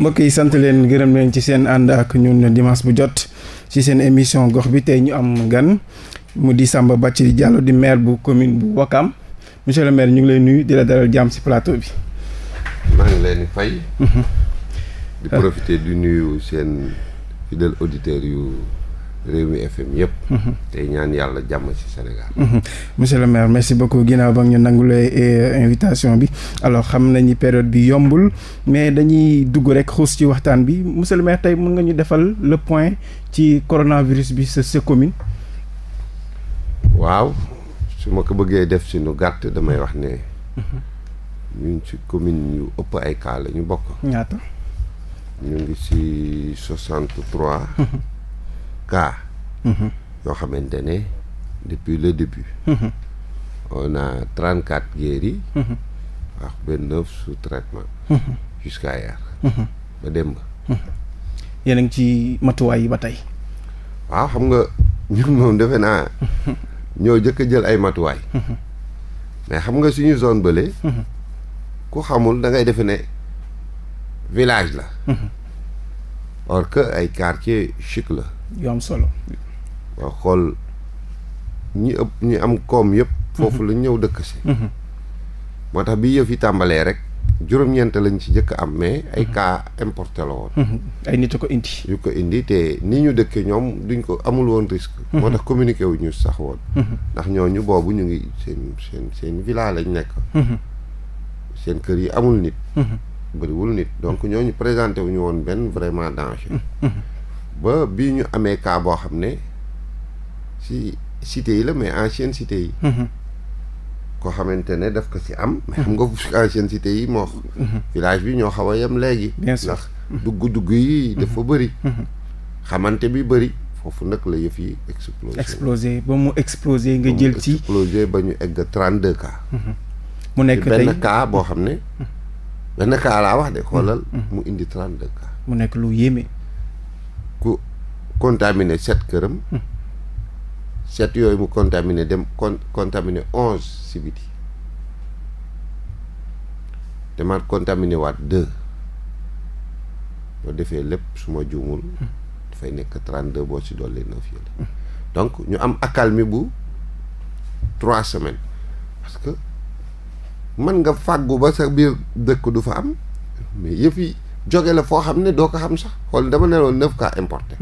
mbokk yi sant leen gërëm leen ci seen ànd ak ñun dimanche bu jot ci seen émission gox bi tey ñu am gan mu di Samba Bathily Diallo di maire bu commune bu Wakam monsieur le maire ñu ngi lay nuyu di la dalal jàmm ci plateau bi. maa di fay. Mhm. di di nuyu seen fidèles auditeurs yu. Rewmi FM yëpp. Mhm. tey ñaan yàlla jàmm ci Sénégal. Mhm. monsieur le maire merci beaucoup ginnaaw ba ñu nangulee eh, invitation bi alors xam nañu période bi yombul mais dañuy dugg rek xuus ci waxtaan bi monsieur tey mën nga ñu defal le point ci coronavirus bi sa sa commune. waaw su ma ko bëggee def si nu gàtt damay wax ne. Mhm. ñun ci commune yu ëpp ay kaala ñu bokk. ñaata. ñu ngi si cas mm-hmm. yoo xamante ne depuis le début mm-hmm. on a trente quatre guéris wax mm-hmm. benn neuf sous traitement jusqu'à hier ba dem ba yéen ci matuwaay yi ba tey waaw xam nga ñun moom defe naa ñoo jëkk jël ay matuwaay mais xam nga suñu zone bële ku xamul da defe ne village la or que ay quartier chic la yu am solo. waaw xool ñi ëpp ñi am koom yëpp. foofu mhm. lañ ñëw dëkk si. Mhm. moo tax bi yëf yi tàmbalee rek juróom-ñeent lañ ci jëkk am mais mhm. ay cas importé la woon. ay nit a indi. yu ko indi te ni ñu dëkkee ñoom duñ ko amul woon risque. moo tax communiqué wu ñu sax woon. ndax ñooñu boobu ñu ngi seen seen seen village lañ nekk. seen kër yi amul nit. bëriwul nit donc ñooñu présenté wu ñu woon benn vraiment danger. ba bii ñu amee cas boo xam ne si cité yi la mais ancienne cité yi mm-hmm. koo xamante ne def ko si am mais xam mm-hmm. nga ancienne cité yi moo mm-hmm. village bi ñoo xaw a yem léegi sax dugg-dugg yi dafa bëri xamante bi bëri foofu nag la yëf yi explosé ba mu explosé nga jël ci ba ñu egg trente deux mu nekk tey boo xam ne benn cas laa wax de mu indi trente deux cas mu nekk lu yéeme ku contaminé sept këram. sept yooyu mu contaminé dem con contaminé onze si biti demaat contaminé waat deux boo defee lépp su ma juumul. dafay nekk trente deux boo si dolli neuf yële. donc ñu am accalmie bu trois semaines parce que mën nga fàggu ba sa biir dëkk du fa am mais yi. jóge la foo xam ne doo ko xam sax xool dama ne woon neuf cas importé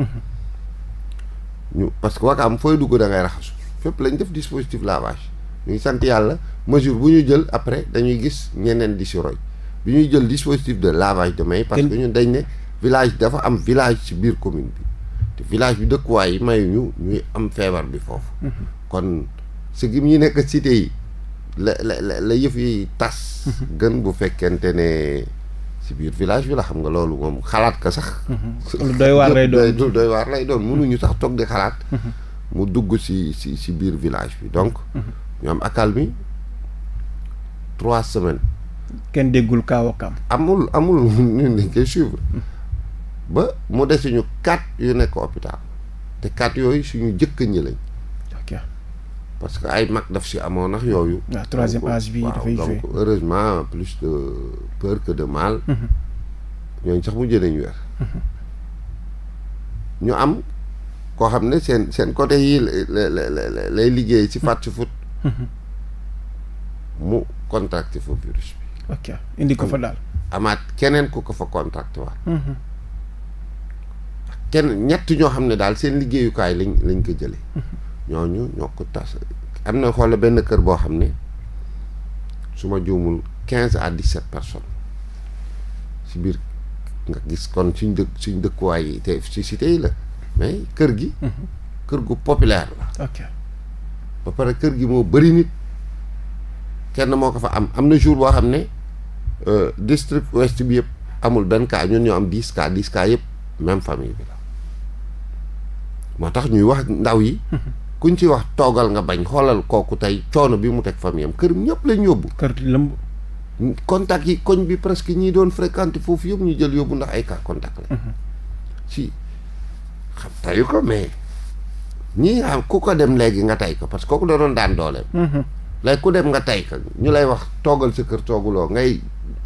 ñu parce que wakaam fooy dugg da ngay raxasu fépp lañ def dispositif lavage ñu ngi sant yàlla mesure bu ñu jël après dañuy gis ñeneen di si roy bi ñuy jël dispositif de lavage de mains parce que ñun dañ ne village dafa am village ci biir commune bi te village bi dëkkuwaay yi ñu ñuy am feebar bi foofu kon si gi ñu nekk cité yi la la la yëf tas mhm. gën bu fekkente ne ci biir village bi la xam nga loolu moom xalaat ka sax. Mm-hmm. lu doy waar lay doon lu doy waar lay doon mënuñu sax toog di xalaat. Mm-hmm. mu dugg ci ci ci biir village bi donc. Mm-hmm. ñu am accalmie trois semaines. kenn déggul kaaw ak am. amul amul ñun dañ koy suivre. ba mu des ñu quatre yu nekk hôpital te quatre yooyu suñu jëkkër ñi lañ. parce que ay mag daf si amoon nax yooyu. waaw bi dafay heureusement plus de peur que de mal. Mhm. ñooñu sax mu jëlee ñu weer. Mhm. ñu am koo xam ne seen seen côté yii lay liggéey ci fàtt mhm. fut mu contacté fa virus bi. ok indi ko fa daal. amaat keneen ku ko fa contacté waat. kenn ñett ñoo xam ne daal seen liggéeyukaay lañ lañ ko jëlee. ñooñu ñoo ko tas am na xoole benn kër boo xam ne su ma juumul quinze à dix sept personnes si biir nga gis kon suñ suñ dëkkuwaay yi te si cité yi la mais kër gi. Mhm. kër gu populaire la. ba pare kër gi moo bëri nit kenn moo ko fa am am na jour boo xam ne euh, district ouest bi yëpp amul benn kaa ñun ñoo am dix cas dix cas yëpp même famille bi la moo tax ñuy wax ndaw yi. Mhm. kuñ ci wax toogal nga bañ xoolal kooku tey coono bi mu teg famiyam kër ñëpp lañ yóbbu. kër lëmb. contact yi koñ bi presque ñi doon fréquenté foofu yëpp ñu jël yóbbu ndax ay cas contact la. Mhm. si xam tayu ko mais ñii xam ku ko dem léegi nga tay ko parce que kooku da doon daan dooleem. Mhm. léegi ku dem nga tay ko ñu lay wax toogal sa kër tooguloo ngay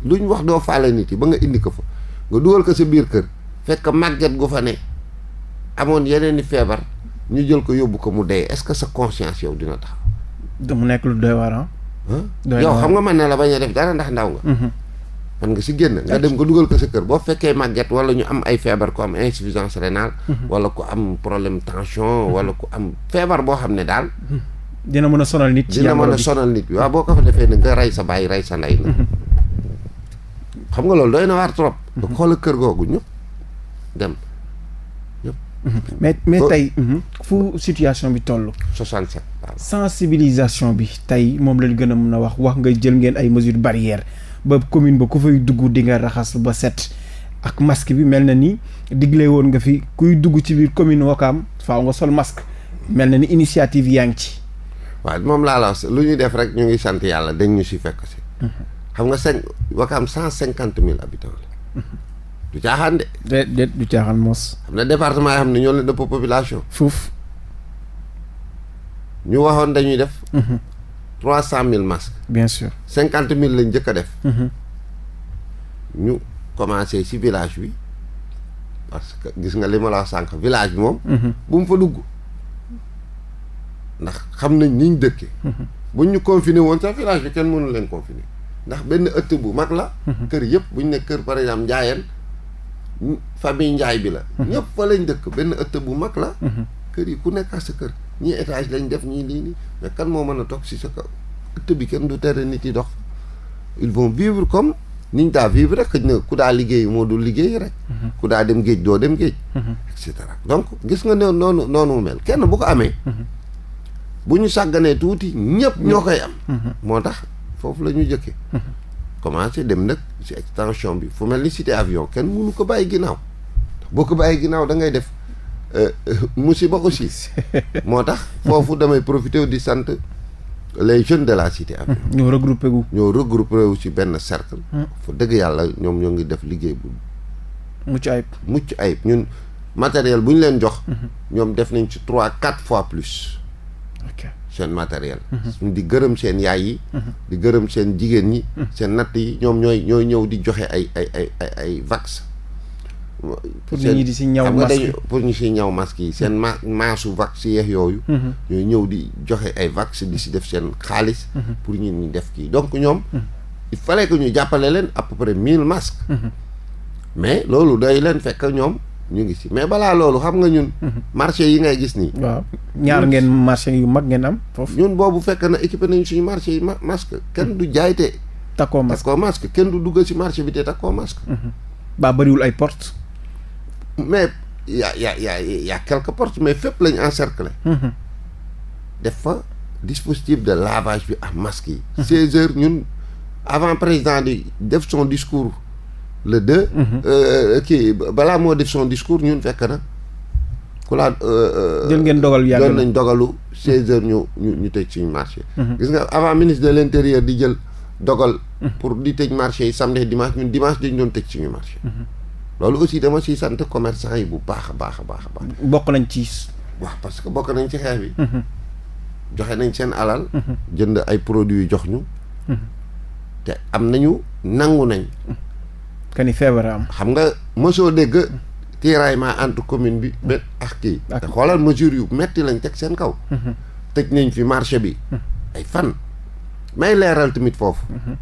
luñ wax doo faale nit yi ba nga indi ko fa nga dugal ko sa biir kër fekk màgget gu fa ne amoon yeneen i ñu jël ko yóbbu ko mu dee est-ce que sa conscience yow dina tax. mu nekk lu doy waar ah. yow xam nga man na la bañ a def dara ndax ndaw nga. man mhm. nga si génn nga dem nga dugal ko sa kër boo fekkee màgget wala ñu am ay feebar ku am insuffisance rénale. Mhm. wala ku am problème tension mhm. wala ku am feebar boo xam ne daal. dina mën a sonal nit. dina mën nit waaw boo ko fa defee ne nga rey sa baay rey sa ndey na. xam nga loolu doy na waar trop. nga xoolal kër googu ñëpp dem. mais mais euh, tey. Mm-hmm. fu situation bi toll. 67 sensibilisation bi tey moom lañ gën a mën a wax wax nga jël ngeen ay mesures barrières ba commune ba ku fay dugg dinga nga raxas ba set ak masque bi mel na ni digle woon nga fi kuy dugg ci biir commune Wakaam faaw nga sol masque mel na ni initiative yaa ngi ci. waaw moom laa la lu ñuy def rek ñu ngi sant yàlla dañ ñu si fekk si. Mm-hmm. xam nga sëñ Wakaam cent cinquante mille habitants du caaxaan de. déedéet du caaxaan mos. am na département yoo xam ne ñoo leen population. fuuf. ñu waxoon dañuy def. Mhm. trois cent mille masques. bien sûr cinquante mille lañ njëkk a def. Mhm. ñu commencé ci village bi parce que gis nga li ma sànq village bi moom. Mhm. bu mu fa dugg. ndax xam nañ niñ dëkkee. buñ ñu confiné woon sax village bi kenn mënu leen confiné ndax benn ëtt bu mag la. kër yëpp buñ ne kër par exemple Njaayeen. famille Njaay bi la mhm. ñëpp fa lañ dëkk benn ëtt bu mag la mhm. kër yi ku nekk sa kër ñii étage lañ def ñii lii nii mais moo mën a toog si sa kaw ëtt bi kenn du tere nit yi dox ils vont vivre comme niñ daa vivre rek ku daa liggéey moo dul liggéey rek mhm. ku daa dem géej doo dem géej donc gis nga ne noonu noonu mel kenn bu ko amee bu ñu sàgganee tuuti ñëpp ñoo koy am moo tax foofu la ñu commencé dem nag ci extension bi fu mel ni cité avion kenn mënu ko bàyyi ginnaaw boo ko bàyyi ginnaaw da ngay def euh, euh, musiba aussi moo tax foofu damay profité di sant les jeunes de la cité avion ñoo regroupé wu ñoo regroupé wu ci benn cercle hmm. fu dëgg yàlla ñoom ñoo ngi def liggéey bu mucc ayib mucc ayib ñun matériel bu ñu leen jox hmm. ñoom def nañ ci trois quatre fois plus seen matériel. Mhm. di gërëm seen yaay yi. Mhm. di gërëm seen jigéen ñi. Mhm. seen natt yi ñoom ñooy ñooy ñëw di joxe ay ay ay ay ay vax. pour ñu di si ñaw masque yi pour ñu si ñaw masque yi seen ma maasu vax yeex yooyu. ñooy ñëw di joxe ay vax di si def seen xaalis. pour ñu ñu def kii donc ñoom. il fallait ñu jàppale leen à peu près mais loolu day leen fekk ñoom. ñu ngi si mais balaa loolu xam nga ñun. Mhm. marché yi ngay gis nii. waaw ñaar ngeen marché yu mag ngeen am foofu. ñun boobu fekk na équipé nañ suñu marché yi ma masque kenn du jaay te. takkoo masque takkoo masque kenn du dugg si marché bi te takkoo masque. Mhm. baa bëriwul ay porte mais yaa yaa yaa yaa quelques portes mais fépp lañ encerclé. Mhm. def fa dispositif de lavage bi ak masque yi. 16 heures ñun avant président di def son discours. le 2. Mhm. Euh, euh, kii balaa moo def son discours ñun fekk na. ku laa euh, jël ngeen dogal yàgg doon nañ dogalu 16 heures ñu ñu ñu tëj suñu marché. Mhm. gis nga avant ministre de l' intérieur di jël dogal. Mhm. pour di tëj marché yi samedi dimanche ñun dimanche dañ doon tëj suñu marché. loolu aussi dama siy sant commerçant yi bu baax baax a baax a baax. bokk nañ ci. waaw parce que bokk nañ ci xeex bi. joxe nañ seen alal. jënd ay produits jox ñu. te am nañu nangu nañ. que ni feebar am. xam nga mosoo dégg tiraillement entre commune bi ba ak kii. te xoolal mesure yu metti lañ teg seen kaw. Mhm. tëj nañ fi marché bi. Mhm. ay fan. may leeral tamit foofu. Mhm.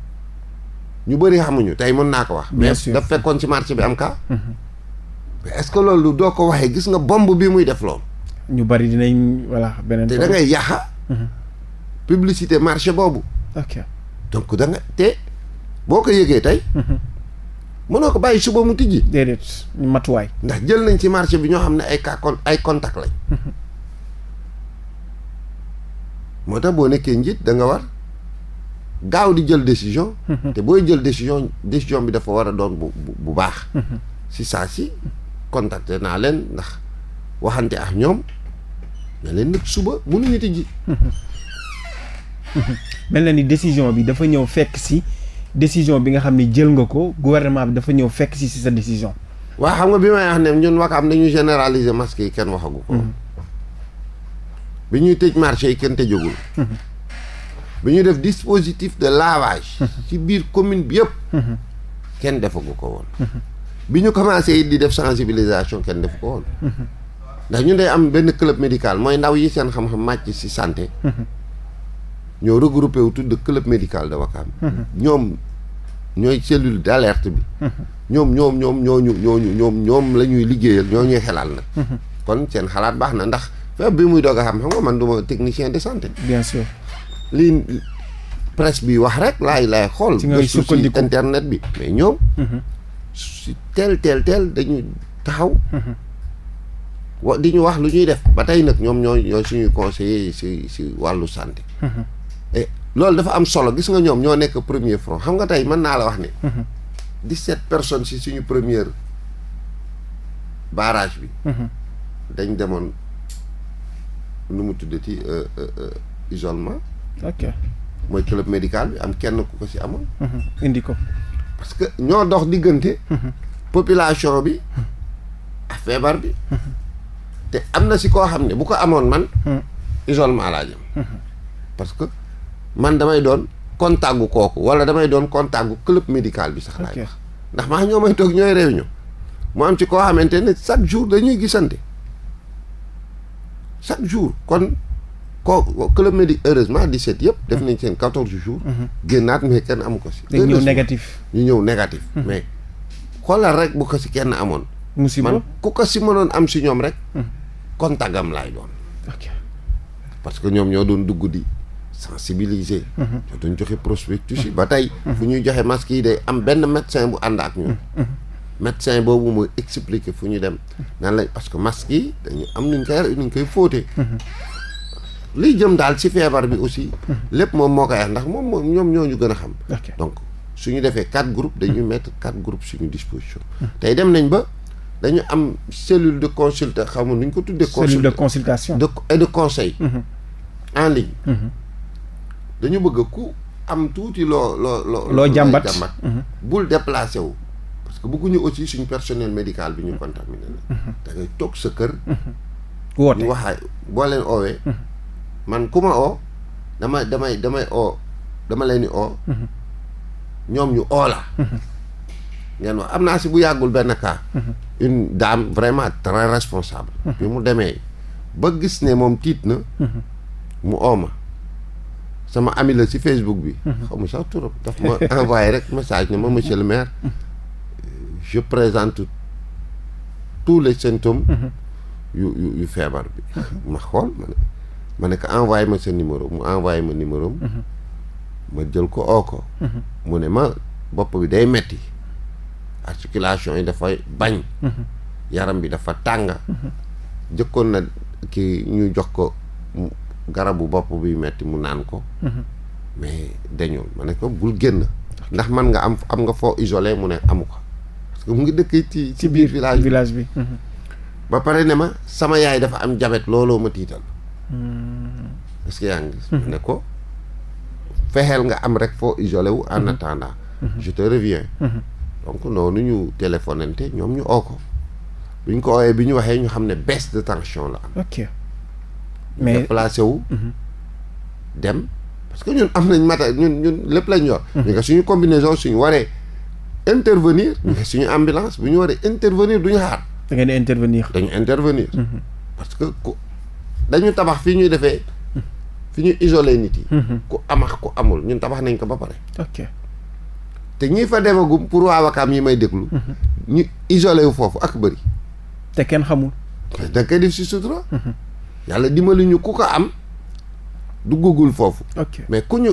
ñu bëri xamuñu tey mën naa ko wax. mais daf fekkoon ci marché bi am ka mais ce que loolu doo ko waxee gis nga bomb bi muy def loolu. ñu bëri dinañ voilà beneen. te da ngay yàqa. publicité marché boobu. ok donc te boo ko yëgee tey. mënoo ko bàyyi suba mu tijji. déedéet matuwaay. ndax jël nañ ci marché bi ñoo xam ne ay cas ay contact lañ. moo tax boo nekkee njiit danga war gaaw di jël décision. te booy jël décision décision bi dafa war a doon bu bu baax. si saa si contacté naa leen ndax waxante ak ñoom ne leen nag suba mënuñu tijji. mel na ni décision bi dafa ñëw fekk si. décision bi nga xam ne jël nga ko gouvernement bi dafa ñëw fekk si si sa décision. waa xam nga bi may wax ne ñun am nañu généraliser masque yi kenn waxagu ko. Mhm. bi ñuy tëj marché yi kenn tëjagul. Mhm. bi ñu def dispositif de lavage. Mhm. ci biir commune bi yëpp. kenn defagu ko woon. bi ñu commencé it di def sensibilisation kenn defu ko woon. ndax ñun day am benn club médical mooy ndaw yi seen xam-xam màcc ci santé. ñoo regroupé wu tudd club médical de Wakam. Mm-hmm. ñoom ñooy cellule d' alerte bi. Mm-hmm. ñoom ñoom ñoom ñooñu ñooñu ñoom ñoom la ñuy liggéeyal ñoo ñuy xelal nag. Mm-hmm. kon seen xalaat baax na ndax feebar bi muy doog a xam man du ma technicien de santé. bi sûr lii presse bi wax rek laay laay xool. ci su sukkandiku internet bi mais ñoom. teel teel teel dañuy taxaw. wa di wax lu ñuy def ba tey nag ñoom ñoo ñooy suñuy conseiller si si wàllu santé. loolu dafa am solo gis nga ñoom ñoo nekk premier front xam nga tey mën naa la wax ne. Mhm. set personne si suñu première barrage bi. Mhm. dañ demoon nu mu tuddati euh, euh, isolement. ok mooy club médical bi am kenn ku ko si amoon. Mhm. indi ko. parce que ñoo dox diggante. population bi feebar bi. te am na si koo xam ne bu ko amoon man. isolement laa jëm. man damay doon contact gu kooku wala damay doon contact gu club médical bi sax laay wax ndax maa ñoo may toog ñooy réunion mu am ci koo xamante ne chaque jour dañuy gisante chaque jour kon ko club médic heureusement 17 yëpp def mm. nañ seen 14 jours. Mm-hmm. génnaat mais kenn amu ko si. ñu ñëw négatif ñëw mm-hmm. négatif. mais xoolal rek bu ko si kenn amoon. musiba man ku ko si mënoon am si ñoom rek. kontagam mm. laay doon. parce que ñoom ñoo doon dugg di. sensibiliser. Mhm. dañ joxe prospectus si mhm. ba tey. Mhm. fu ñuy joxe masques yi day am benn médecin bu ànd ak ñun. médecin boobu mooy expliquer fu ñu dem. nan lañ parce que masques yi dañu am nuñ ñu nuñ koy fóote. liy jëm daal ci feebar bi aussi. lépp moom moo ndax moom moom ñoom ñoo ñu gën a xam. donc su ñu defee quatre groupes dañuy mettre quatre groupes suñu disposition. tey dem nañ ba. dañu am cellule de consulte xaw ma nu ñu ko tuddee. cellule de consultation de et de conseil. en ligne. dañu bëgg ku am tuuti loo loo loo. loo jàmbat mhm. bul déplacé wu. parce que bëgguñu aussi suñu personnel médical bi ñu contaminé la. Mhm. da toog sa kër. Mhm. woote ñu waxaay boo leen oowee. man ku ma oo damay damay oo dama leen di oo. ñoom ñu oo la. ngeen wax am naa si bu yàggul benn cas. une dame vraiment très responsable. bi mu demee ba gis ne moom tiit na. mu oo ma. sama ami la si Facebook bi. Mhm. xamu sax turam daf ma envoyé rek message ne ma monsieur le maire. Mhm. je présente tous les symptômes. Mhm. yu yu yu feebar bi. ma xool ma ne envoyé ma sa numéro mu envoyé ma numéro ma jël ko oo ko. mu ne ma bopp bi day metti articulation yi dafay bañ. yaram bi dafa tàng. jëkkoon na ki ñu jox ko. garabu bopp bi metti mu naan ko. Mhm. mais dañul ma ne ko bul génn. ndax man nga am am nga foo isolé mu ne amu ko mu ngi dëkk ci ci biir village village bi. Mhm. ba pare ne ma sama yaay dafa am jabet looloo ma tiital. Hmm. est yaa ngi mhm. ma ne ko fexeel nga am rek foo isolé wu en attendant. je te reviens. donc noonu ñu téléphonante ñoom ñu oo ko. bu ko ooyee bi ñu waxee ñu xam ne baisse de tension la am. mais déplacé wu. Mhm. dem parce que ñun am nañ mata ñun ñun lépp lañ yor. ñu mhm. nga suñu combinaison suñu waree intervenir. ñu mhm. nga suñu ambulance bu ñu waree intervenir duñu xaar. da ngeen di intervenir. dañu intervenir. parce que ku dañu tabax fii ñuy defee. fi ñuy isolé nit yi. ku amax ku amul ñun tabax nañ ko ba pare. ok te fa demagum pour waa Wakaam yi may déglu. ñu isolé wu foofu ak bëri. te kenn xamul. da koy def si sutura. yàlla dimbali ñu ku ko am duggagul foofu. ok mais ku ñu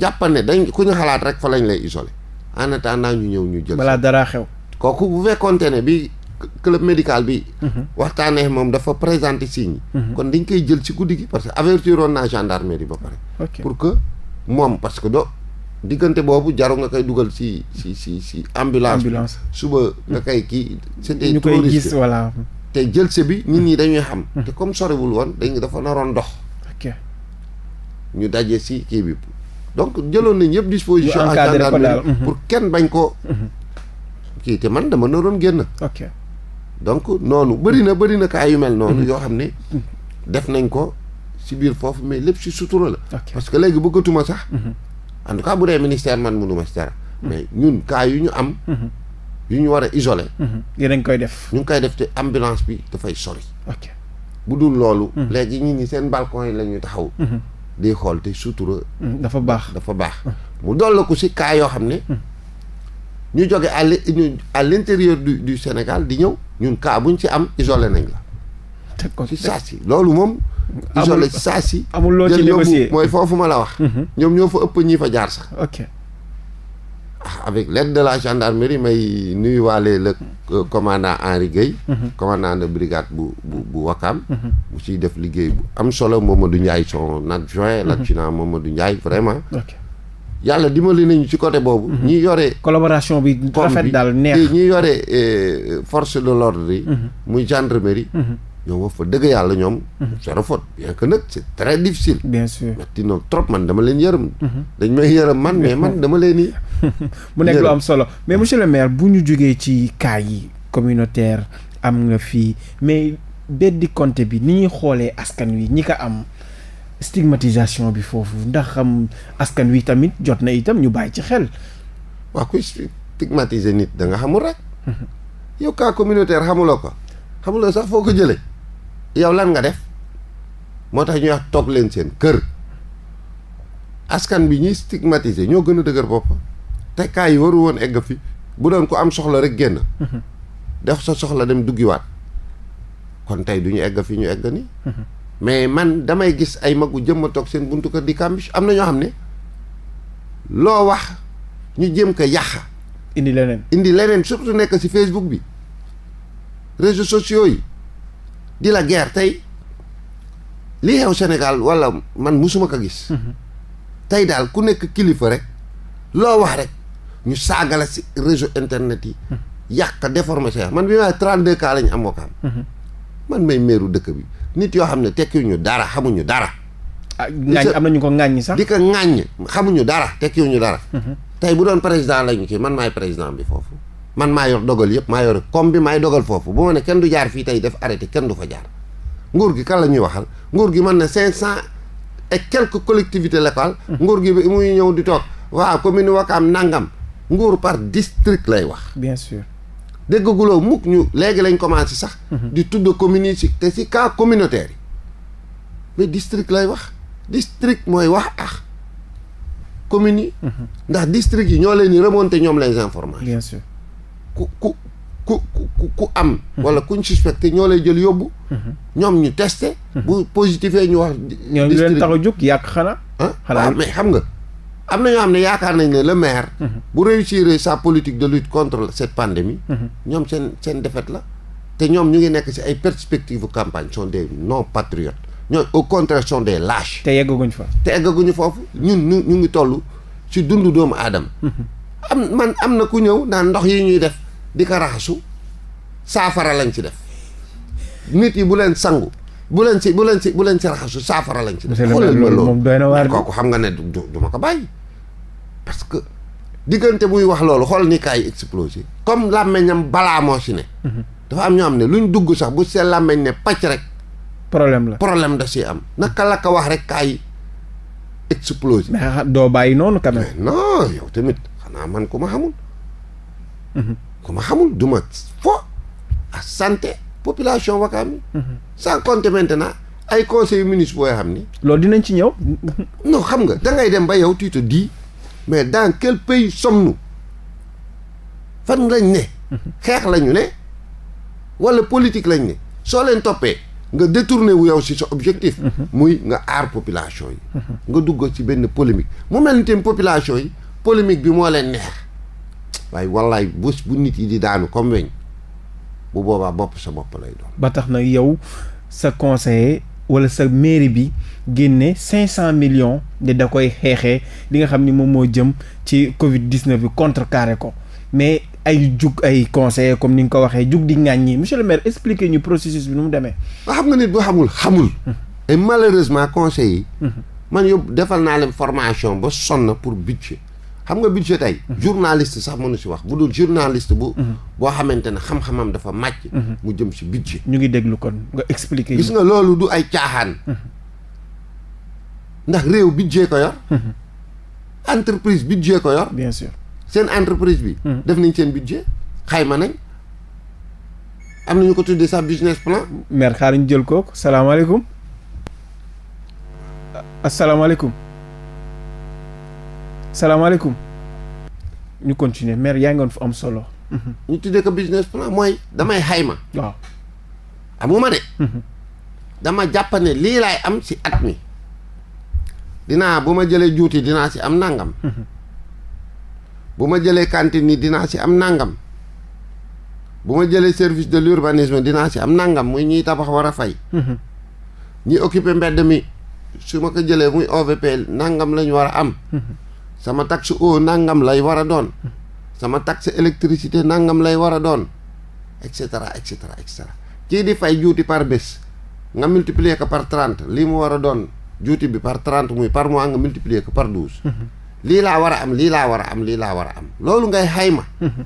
jàppal ne dañ ku ñu xalaat rek fa lañ lay isolé en attendant ñu ñëw ñu jël. balaa dara xew. kooku bu fekkoonte ne bi club médical bi. Mhm. waxtaanee moom dafa présenter signe mhm. kon dañ koy jël ci guddi gi parce que avertiroon naa gendarmerie ba pare. pour que moom parce que do diggante boobu jaru nga koy dugal si si si si ambulance. ambulance suba nga koy kii. c'était ñu koy gis te jëlse bi nit ñi dañuy xam. Hmm. te comme sorewul woon dañuy dafa naroon ndox ok ñu daje si kii bi donc jëloon nañ yëpp disposition. ak gendarmerie pour hmm. kenn bañ ko. Hmm. kii te man dama naroon génn. donc noonu bëri na bëri na kaa yu mel noonu. yoo xam ne def nañ ko si biir foofu mais lépp si sutura la. parce que léegi bëggatuma sax. en tout cas bu dee ministère man mënuma si dara. mais ñun kaa yu ñu am. yu ñu war a isolé. Mhm. yéen koy def. ñu ngi koy def te ambulance bi dafay sori. bu dul loolu. Mhm. léegi nit ñi seen balcon yi la ñuy taxaw. Mhm. di xool te sutura. dafa baax dafa baax. mu dool la ko si kaa yoo xam ne. ñu jóge à l' intérieur du du Sénégal di ñëw ñun cas buñ ci am isolé nañ la. teg ko si saa si loolu moom. isolé si saa si. amul loo ci négocier mooy foofu ma la wax. ñoom ñoo fa ëpp ñi fa jaar sax. avec l'aide de la gendarmerie may nuyuwaale la commandant Henri Gueye mhm. commandant de brigade bu bu bu Wakam mhm. mu ciy def liggéey bu am solo moom du Mamadou la son moom l'adjudant du Ndiaye vraiment yàlla dimbali nañu ci côté boobu mhm. ñi yore collaboration bi rafet daal neex ñi yore eh, force de l'ordre yi muy gendarmerie ñoom wax fa dëgg yàlla ñoom. Mhm. zéro faute bien que nag c'est très difficile. bien sûr metti na trop man dama leen yërëm. Mhm. dañ may yërëm man mais man dama leen mu nekk lu am solo mais monsieur le maire bu ñu jógee ci cas yi communautaire am nga fii mais beddi compte bi ni ñuy xoolee askan wi ñi ko am. stigmatisation bi foofu ndax xam askan wi tamit jot na itam ñu bàyyi ci xel. waa kuy stigmatiser nit da nga xamul rek. Mhm. yow cas communautaire xamuloo ko xamuloo sax foo ko jëlee. yow lan nga def moo tax ñu wax toog leen seen kër askan bi ñuy stigmatiser ñoo gën a dëgër bopp te yi waru woon egg fi bu doon ko am soxla rek génn mhm. def sa soxla dem duggiwaat kon tey du ñu egg fi ñu egg ni mhm. mais man damay gis ay magu jëmma toog seen buntu kër di kàmbish am na ñoo xam ne loo wax ñu jëm ko yàq indi leneen indi leneen surtout nekk ci Facebook bi réseaux sociaux yi di la guerre tey lii xew Sénégal wala man musuma ko gis. Mhm. tey daal ku nekk kilifa rek loo wax rek ñu saagala si réseau internet yi. Mhm. yàq déformé sa man bi ma 32 cas la ñu am wakaam mhm. man may meeru dëkk bi nit yoo xam ne tekkiwuñu dara xamuñu dara. ah ngaañ am na ñu ko ngaañi sax. di ko ngaañ xamuñu dara tekkiwuñu dara. tey bu doon président lañu kii man maay président bi foofu. man maa yor dogal yëpp maa yor comme bi maay dogal foofu bu ma ne kenn du jaar fii tey def arrêté kenn du fa jaar nguur gi kan la ñuy waxal nguur gi mën na cinq cent et quelques collectivités locales hmm. nguur gi bi muy ñëw di toog waaw commune Wakaam nangam nguur par district lay wax bien sûr déggaguloo mukk ñu léegi lañ commencé sax hmm. di tudd communi yi si te si cas communautaire mais district lay wax district mooy wax ah yi hmm. ndax district yi ñoo leen di remonter ñoom les informations bien ku ku ku ku ku am. wala kuñ suspecté ñoo lay jël yóbbu. ñoom ñu testé. bu positifee ñu wax. ñoom ñu leen tax a jóg yàq xanaa. Ah, xanaa ah, mais xam nga. am na ñoo xam ne yaakaar nañ ne le maire. Mhm. bu réussir sa politique de lutte contre cette pandémie. Mhm. ñoom seen seen défaite la. te ñoom ñu ngi nekk ci ay perspective perspectives campagne sont des non patriotes ñoom au contraire sont des lâches. te yeggaguñ fa. te yeggaguñu foofu ñun ñu ñu ngi toll ci dundu doomu aadama. Mhm. am man am na ku ñëw naan ndox yi ñuy def di ko raxasu saafara lañ ci def nit yi bu leen sangu bu leen si bu leen si bu leen si raxasu saafara lañ ci def xoolal ma loolu moom doy na waar kooku ne du ma ko bàyyi parce que diggante buy wax loolu xool ni kaay explosé comme làmmeñam balaa moo si ne mhm. dafa am ñoo xam ne luñ dugg sax bu seen làmmeñ ne pàcc rek problème la problème da si am naka la ko wax rek kaay explosé mais ah, doo bàyyi noonu quand même yow tamit xanaa man ku ma xamul mhm. ku ma xamul duma ma fo a ah, santé population wakaam yi mhm. sans compter maintenant ay ministre municipaux yoo xam ni loolu dinañ ci ñëw non xam nga da dem ba yow tu te mais dans quel pays sommes fan lañ ne mhm. xeex lañu ne wala politique lañ ne soo leen toppee nga détourné wu yow si sa objectif muy nga aar population yi nga dugg ci benn polémique mu mel ni tamit population yi polémique bi moo leen neex waaye wallaay bés bu nit yi di daanu comme weñ bu boobaa bopp sa bopp lay doon. ba tax nag yow sa conseiller wala sa mairie bi génne cinq cent millions de da koy xeexee li nga xam ni moom moo jëm ci Covid 19 bi contre contrecarré ko mais ay jug ay conseillers comme ni nga ko waxee jug di ŋàññi monsieur le maire expliquer ñu processus bi nu mu demee. ba xam nga nit boo xamul xamul. et malheureusement conseillers yi. man yóbbu defal naa leen formation ba sonn pour budget xam nga budget tey journaliste sax mënu si wax bu dul journaliste bu boo xamante ne xam-xamam dafa màcc mu jëm si budget ñu ngi déglu kon nga expliquer gis nga loolu du ay caaxaan ndax réew budget ko yor entreprise budget ko yor bien sûr seen entreprise bi hmm. def nañ seen budget xayma nañ am nañu ko tuddee sax business plan maire xaar ñu jël kooku salaamaaleykum asalaamaaleykum salaamaaleykum ñu continuer maire yaa ngoon fu am solo. Mhm. ñu tuddee ko business plan mooy damay xayma. waaw amuma de. Mhm. dama jàpp lii laay am ci at mi dinaa bu ma jëlee juuti dinaa ci am nangam. Mhm. bu ma jëlee cantine yi dinaa si am nangam. bu ma jëlee service de l'urbanisme dinaa ci am nangam muy ñiy tabax war a fay. ñi occuper mbedd mi su ma ko jëlee muy OVP nangam lañu war a am. sama taksi eau nangam lay war a doon sama taxe électricité nangam lay war a doon et cetera et cetera et kii di fay juuti par bés nga multiplier ko par trente lii mu war a doon juuti bi par trente muy par mois nga multiplier ko par douze. Mhm. lii laa war a am lii laa war a am lii laa war a am loolu ngay xayma. Mhm.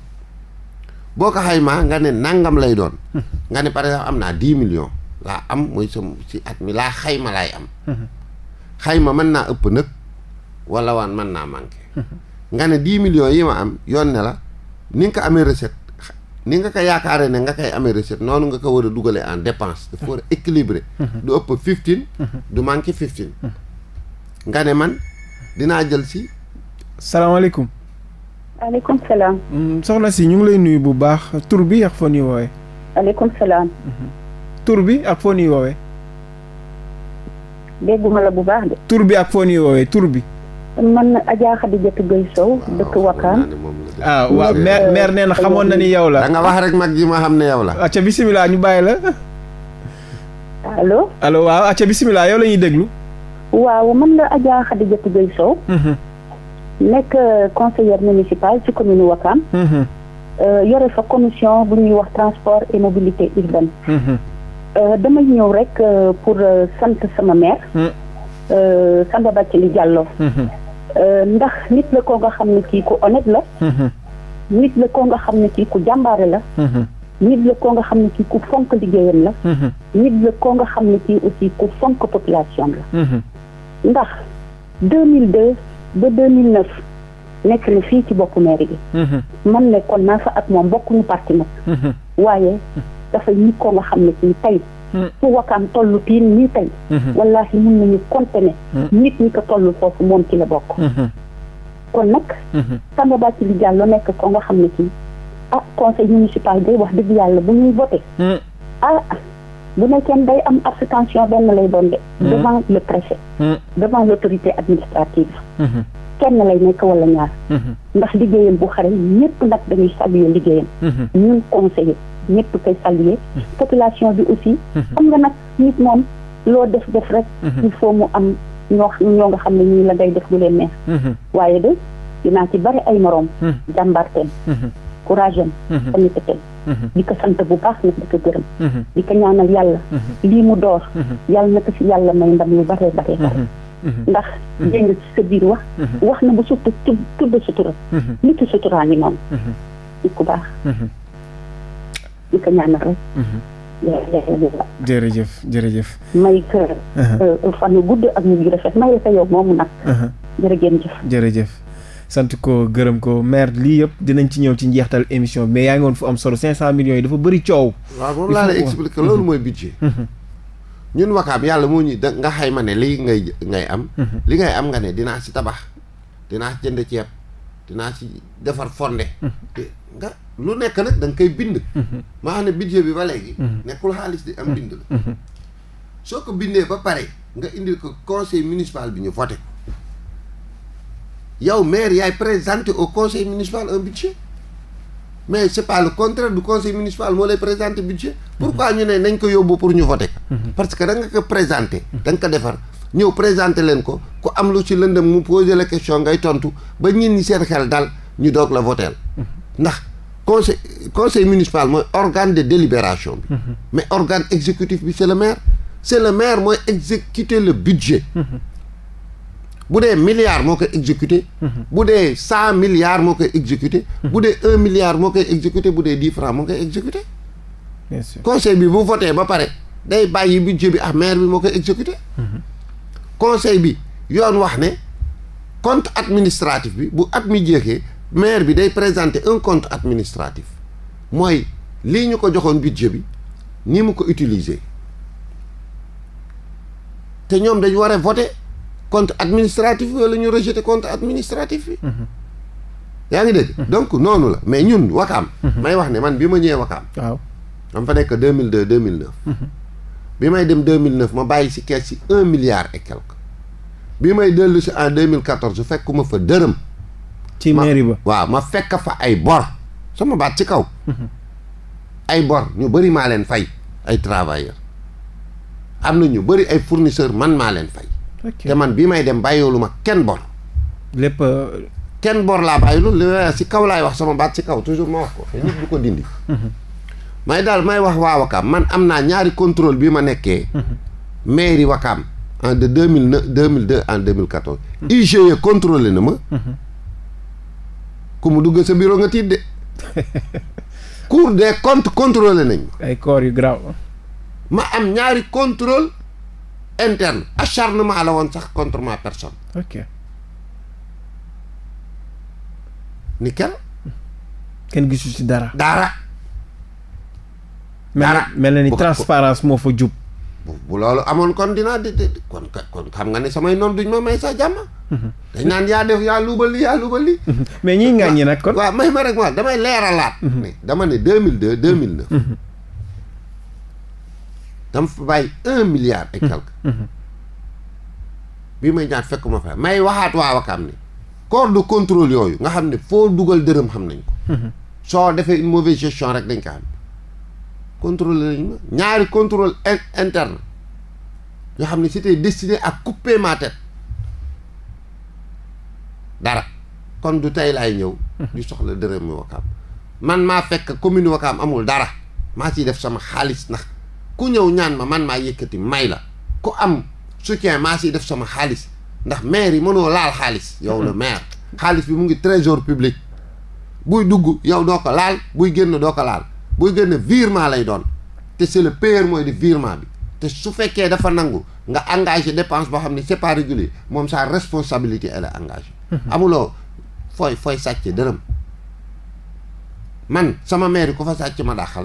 boo ko xaymaa nga ne nangam lay doon. Mhm. nga ne par am naa dix millions laa am mooy sam at mi laa xayma laay am. xayma mën naa ëpp nag. wala waan mën naa manqué nga ne dix millions yi ma am yoon ne la ni nga ko amee recette ni nga ko yaakaare ne nga koy amee recette noonu nga ko war a dugalee en dépense dafa war a équilibré du ëpp fifteen du manqué fifteen nga ne man dinaa jël si salaamaaleykum aleykum salaam mm, si ñu ngi lay nuyu bu baax tur bi ak foo ñuy woowee aleykum mm-hmm. bi ak foo ñuy la bu baax de tur bi ak foo ñuy woowee tur bi man Adja Khady Diatou Gueye Sow dëkk ah, Wakam. ah waaw maire maire nee na xamoon na ni yow la. da nga wax rek mag ji ma xam ne yow la. acca ah, bisimilah ñu bàyyi la. allo allo waaw acca ah, bisimilah yow la ñuy déglu. waaw man la Adja Khady Diatou Gueye Sow. Mhm. nekk euh, conseillère municipale ci commune Wakam. Mhm. Euh, yore fa commission bu ñuy wax transport et mobilité urbaine. Mhm. Euh, damay ñëw rek pour sant sama maire. Mm. Samba Bathily Diallo. Euh, ndax nit la koo nga xam ne kii ku honnête la. Mhm. nit la koo nga xam ne kii ku jàmbaare la. Mhm. nit la koo nga xam ne kii ku fonk liggéeyam la. Mhm. nit la koo nga xam ne kii aussi ku fonk population la. ndax 2002 ba 2009 nekk na fii ci boppu mairie bi. man ne kon naa fa ak moom bokkuñu parti nag. waaye dafa nit koo nga xam ne kii tey. fu wakam toll tiin nii tey mhm. wallahi mun nañu compter ne mhm. nit ñi ko toll foofu moom ci la bokk mhm. kon nag sama Samba Bathily Diallo nekk ko nga xam ne ci ah conseil municipal day wax dëgg yàlla bu ñuy voté ah bu nekkee day am abstention benn lay doon de devant le préfet devant l'autorité administrative kenn lay nekk wala ñaar ndax liggéeyam bu xare ñëpp nag dañuy saluer liggéeyam ñun conseiller ñëpp koy saluer mm-hmm. population bi aussi mm-hmm. xam nga nag nit moom loo def def rek mm-hmm. il faut mu am ñoo ñoo nga xam ne ñu la ngay def lu leen neex waaye de dinaa ci bari ay moroom jàmbarteem courage am tamit di ko sant bu baax nag di ko gërëm di ko ñaanal yàlla lii mu door yàlla na ko yàlla may ndam yu baree baree bare ndax dégg ci sa biir wax wax na bu surtout tudd sutura nit ki moom nit ku baax Mhm. jërëjëf jërëjëf may ka mhm. euh, euh, fan yu gudd ak ñu rafet nag mhm. jërëjëf sant ko gërëm ko maire lii yëpp dinañ ci ñëw ci njeextal émission mais yaa ngi woon fu am solo cinq cent millions yi dafa bëri coow waaw moom laa lay expliquer loolu mooy budget ñun wakaam yàlla moo ñu da nga xayma ne li ngay ngay am li ngay am nga ne dinaa si tabax dinaa jënd ceeb dinaa si defar fonde lu nekk nag da nga koy bind. Mhm. maa xam ne budget bi ba léegi. Mhm. nekkul xaalis di am mhm. bind la. soo ko bindee ba pare nga indil ko conseil municipal bi ñu voté ko yow maire yaay présenté au conseil municipal un budget mais c'est pas le contraire du conseil municipal moo lay présenté pour pourquoi ñu ne nañ ko yóbbu pour ñu voté ko. parce que da nga ko présenté. da ko defar ñëw présenté leen ko ku am lu ci lëndëm mu posé la question ngay tontu ba ñin ñi seen xel dal ñu doog la voté ndax. conseil conseil municipal mooy organe de délibération bi. Mhm. mais organ exécutif bi c'est le maire. c'est le maire mooy exécuter le budget. Mhm. bu dee milliard moo koy exécuté. Mhm. bu dee cent milliards moo koy exécuté. bu dee un milliard moo koy exécuté bu dee dix francs moo koy exécuté. bien sûr conseil bi bu voté ba pare day bàyyi budget bi ah maire bi moo koy exécuté. conseil bi yoon wax ne compte administratif bi bu at mi jeexee. maire bi day présenter un compte administratif mooy lii ñu ko joxoon budget bi ni mu ko utiliser te ñoom dañ war a voter compte administratif wala ñu rejeter compte administratif bi mhm. yaa ngi dégg mhm. donc noonu la mais ñun wakaam mhm. may wax ne man bi ma ñëwee wakaam waaw dama fa nekk 2002 2009 bi may dem 2009 ma bàyyi si kees si un milliard et quelque bi may dellu si en 2014 fekkuma fa dërëm ci mairie ba waaw ma fekk fa ay bor sama baat ci kaw ay bor ñu bëri maa leen fay ay travailleurs am na ñu bëri ay fournisseur man maa leen fay te man bii may dem bàyyoolu ma kenn bor lépp euh, kenn bor laa bàyyi loolu li si kaw wax sama baat si kaw toujours ma ko te nit du mhm. may daal may wax waa Wakaam man am naa ñaari contrôle bi ma nekkee mhm. mairie Wakaam en de deux mille neuf deux mille deux en deux mille quatorze mhm. IGE contrôlé na ma ku mu dugg sa bureau nga tiit de cour des comptes contrôlé nañ ay corps yu graw ma am ñaari contrôle interne acharnement la woon sax contre personne ok nickel kenn gisu ci dara dara mel na ni transparence moo fa jub bu loolu amoon kon dinaa di di kon kon xam nga ne samay noon duñ ma may sa jàmm. dañ naan yaa def yaa luubal li yaa luubal li mais ñiy ngaañ ñi nag kon. waaw may ma rek ma damay leeralaat. ne mhm. dama ne deux mille deux deux mille neuf. Mhm. dama fa bàyyi un milliard et quelque. Mhm. bii may ñaat fekk ma fa may waxaat waa Wakaam ne. corps de contrôle yooyu nga xam ne foo dugal dërëm xam nañ ko. soo defee une mauvaise gestion rek dañ ko xam. contrôle nañ ma ñaari contrôle interne yoo xam ne c'était destiné à couper ma dara kon du tey laay ñëw mhm. di soxla dërëm mi man maa fekk commune wakaam amul dara maa ciy def sama xaalis ndax ku ñëw ñaan ma man maa yëkkati may la ku am soutien maa ciy def sama xaalis ndax maire yi mënoo laal xaalis yow la mhm. maire xaalis bi mu ngi trésor public buy dugg yow doo ko laal buy génn doo ko laal buy génne virement lay doon te c'est le payeur mooy di virement bi te su fekkee dafa nangu nga engagé dépense boo xam ne c'est pas régulier moom sa responsabilité elle est engagée. Mhm. amuloo fooy fooy sàccee dërëm man sama mairie ku fa sàcc ma dàq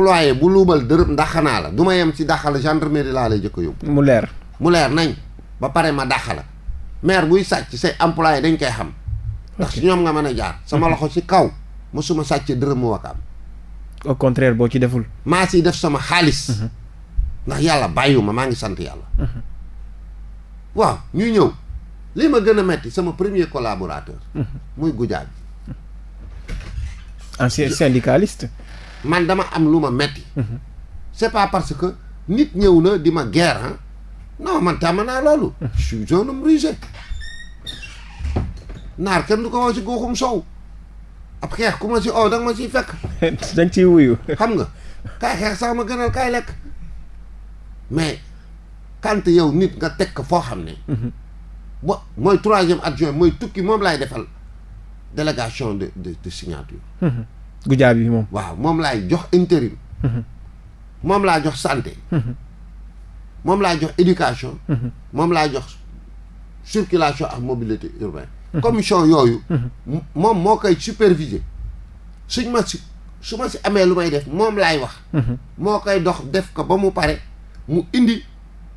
la bu luubal dërëm dàq naa la du ma yem si dàq la gendarmerie laa lay jëkk a yóbbu. mu leer mu leer nañ ba pare ma dàq la maire buy sàcc say employé dañ koy xam. ndax si ñoom nga mën a jaar sama loxo si kaw. ma sàcc dërëm mu wakaam au contraire boo ci deful maa si def sama xaalis mhm. ndax yàlla ma maa ngi sant yàlla mhm. waaw ñu ñëw li ma gën a metti sama premier collaborateur mhm. muy gujaab bi ancien syndicaliste man dama am lu ma metti c'est pas parce que nit ñëw na di ma guerre non man tàmm naa loolu je suis un naar kenn du ko wax ci goxum sow ab xeex ku ma si oo danga ma siy fekk. da nga ciy wuyu. xam nga kaay xeex sax ma gënal kaay lekk mais kant yow nit nga teg ko foo xam ne. Mhm. bo mooy troisième adjoint mooy tukki moom laay defal délégation de de de signature. Mhm. gujaab yi moom. waaw moom laay jox intérim. Mhm. moom laa jox santé. moom laa jox éducation. moom laa jox circulation ak mobilité urbaine. commission yooyu. moom moo koy superviser suñ ma si su ma si amee lu may def moom laay wax. moo koy dox def ko ba mu pare mu indi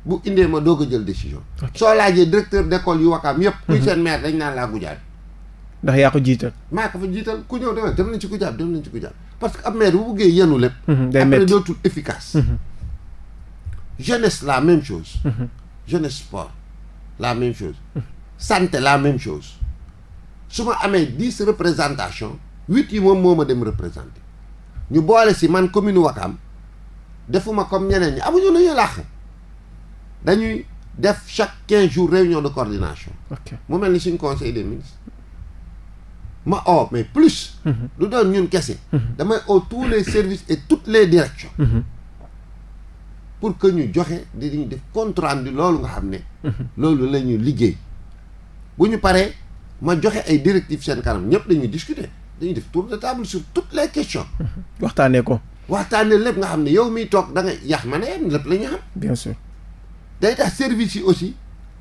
bu indee ma doog ko jël décision. soo laajee directeur d'école yu wakaam yëpp. kuy seen maire dañ naan laa gujaab. ndax yaa ko jiital. maa ko fa jiital ku ñëw demee dem nañ ci gujaab dem nañ ci gujaab parce que ab maire bu buggee yenu lépp. Mhm, day métti après dootul efficace. Mhm. jeunesse la même chose. Mhm. jeunesse sport la même chose. santé la même chose. su ma amee dix représentation huit yi moom moo ma dem représenté ñu boole si man commune Wakaam defuma comme ñeneen ñi amuñu nañu làq dañuy def chaque quinze jours réunion de coordination mu mel ni suñ conseil des ministres ma oo mais plus lu mhm. doon ñun kese mhm. damay oo tous les services et toutes les directions mhm. pour que ñu joxe dinañ def compte rendu loolu nga xam ne loolu la ñuy liggéey bu ñu paree ma joxe ay directives seen kanam ñëpp dañuy discuter dañuy def tour de table sur toutes les questions. waxtaanee ko. waxtaanee lépp nga xam ne yow miy toog danga nga ma ne lépp la ñu xam. bien sûr. day tax service yi aussi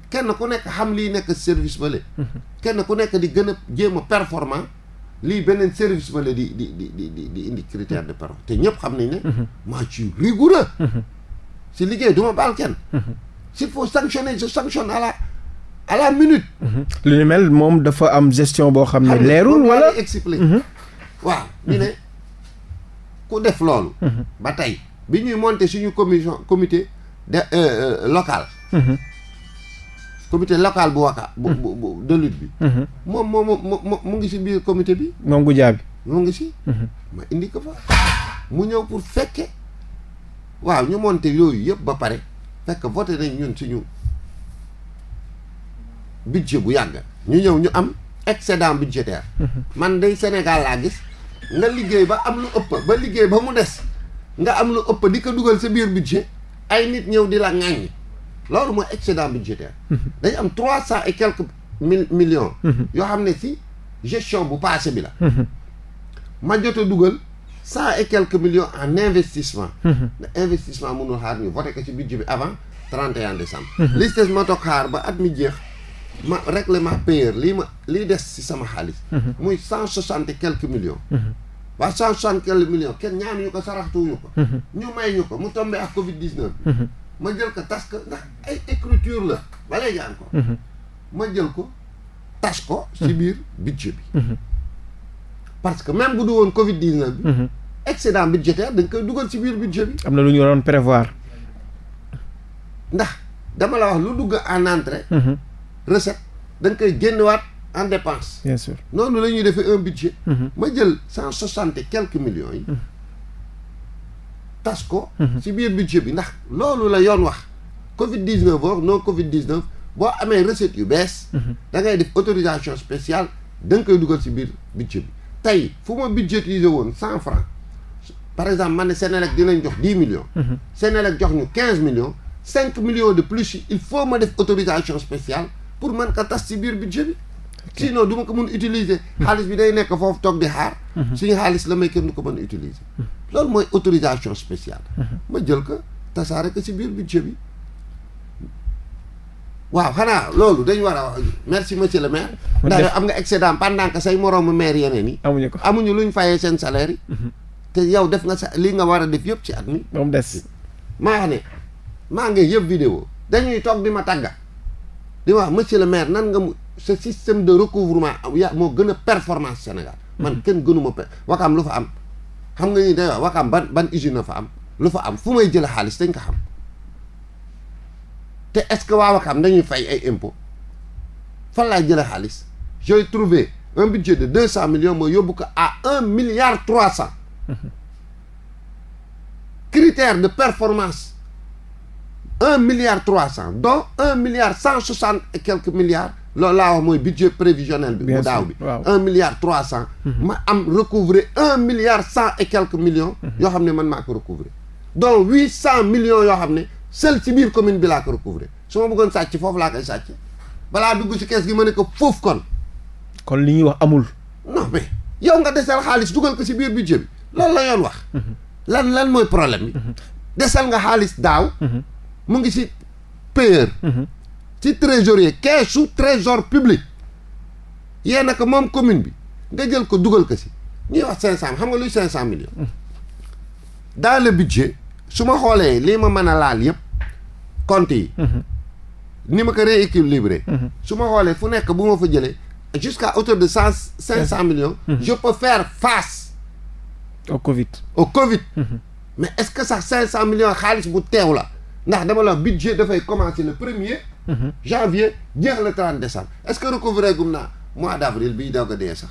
kenn ku nekk xam lii nekk service bële. kenn ku nekk di gën a jéem a performant lii beneen service bële di di di di di indi critère de performance te ñëpp xam nañ ne. maa ci rigoureux. si liggéey du ma baal kenn. s'il faut sanctionner je sanctionne à à la minute. lu ni mel moom dafa am gestion boo xam ne. leerul wala expliqué mhm. waaw ñu ne ku def loolu. Mhm. ba tey bi ñuy monter suñu commission comité de euh, euh, local. Mhm. comité local bu waka bu bu de lutte bi. moom moo mu mu ngi si biir comité bi. moom Goudia bi. mu ngi si. ma indi ko fa mu ñëw pour fekke waaw ñu monter yooyu yëpp ba pare fekk voté nañ ñun suñu. budget bu yàgg ñu ñëw ñu am excédent budgétaire man day Sénégal laa gis nga liggéey ba am lu ëpp ba liggéey ba mu des nga am lu ëpp di ko dugal sa biir budget ay nit ñëw di la ŋàññi loolu mooy excédent budgétaire dañ am trois cent quelque quelques mille yoo xam ne si gestion bu passé bi la ma jot a dugal cent et quelques millions en investissement ne investissement mënul xaar ñu voté ko ci budget bi avant 31 décembre li des ma ba at mi jeex ma régler ma payer lii ma lii des si sama xaalis. Mhm. muy cent soixante et quelques millions. waa mhm. cent soixante quelques millions kenn ñaanuñu ko saraxtuwuñu ko. Mhm. ñu may ñu ko mu tombé ak Covid 19. ma jël ko tas ko la ba ma jël ko tas ko. si biir budget bi. parce que même bu du woon Covid 19 bi. excédent budgétaire dañ koy dugal ci biir budget bi. am na lu ñu waroon prévoir. ndax dama la wax lu dugg en entrée. recette da nga koy génnewaat en dépense. bien sûr noonu la ñuy defee un budget. Mhm. ma jël cent soixante et quelques yi. Mhm. tas ko. Mhm. ci biir budget bi ndax loolu la yoon wax Covid 19 wax non Covid 19 boo amee recette yu bees. da ngay def autorisation spéciale da koy dugal ci biir budget bi tey fu ma budgétiser woon cent francs par exemple man ne Sénélec dinañ jox dix million Sénélec jox ñu quinze millions cinq million de plus il faut ma def autorisation spéciale. pour man ka tas ci biir budget bi sinon du ma ko mun utiliser hmm. xaalis bi day nekk foofu toog di xaar hmm. suñu xaalis la may kenn du ko mën utiliser hmm. loolu mooy autorisation spéciale ma jël ko tasaare ko si biir budget bi waaw xanaa loolu dañ war a merci ci le maire ndax am nga excédent pendant que say moroomu maire yeneen yi amuñu ko amuñu luñ fayee seen salaire te yow def nga sa li nga war a def yëpp ci at mi moom des maa ne maa ngi yëpp vidéo dañuy toog di ma tàgga di ma monsieur le nan nga mu ce système de recouvrement ah, ya moo gën a performance Sénégal man mhm. kenn gënuma pe wakaam lu fa am xam nga ni day wax wakaam ban ban usine fa am lu fa am fu may jël xaalis dañ ko xam te est-ce que waa wakaam dañuy fay ay impôt fan laay jële xaalis j'ai trouver un budget de deux cent millions mooy yóbbu ko à un milliard trois cent mhm. critère de performance un milliard trois cent donc un milliard cent soixante et quelques milliards loolu laa wax mooy budget prévisionnel bi bu daaw bi un milliard trois cent mhm. ma am recouvrer un milliard cent et quelques millions mhm. yoo xam ne man maa ko recouvrer donc huit cent millions yoo xam ne seul ci biir commune bi laa ko recouvrer su ma bëggoon sàcc foofu laa koy sàcc balaa dugg ci kees gi ma ne ko foofu kon kon li ñuy wax amul non mais yow nga desal xaalis dugal ko ci biir budget bi loolu la yoon wax mhm. lan lan mooy problème bi desal nga xaalis daaw mu ngi ci payeur mhm. ci trésorier keesu trésor public yee naka moom commune bi nga jël ko dugal ko si ñuy wax cinq cent xam nga luy cinq cent millions mhm. dans le budget su ma xoolee lii ma mën a laal yëpp compte mhm. ni ma ko rééquilibré su ma xoolee fu nekk bu ma fa jëlee jusqu'à hauteur de cent cinq cent millions je peux faire face au Covid au Covid mais est-ce que sax cinq cent million xaalis bu teew la ndax dama la budget dafay commencer le premier mhm. janvier jeex le 30 décembre est ce que recouvrer gum naa mois d' avril bi doog a dee sax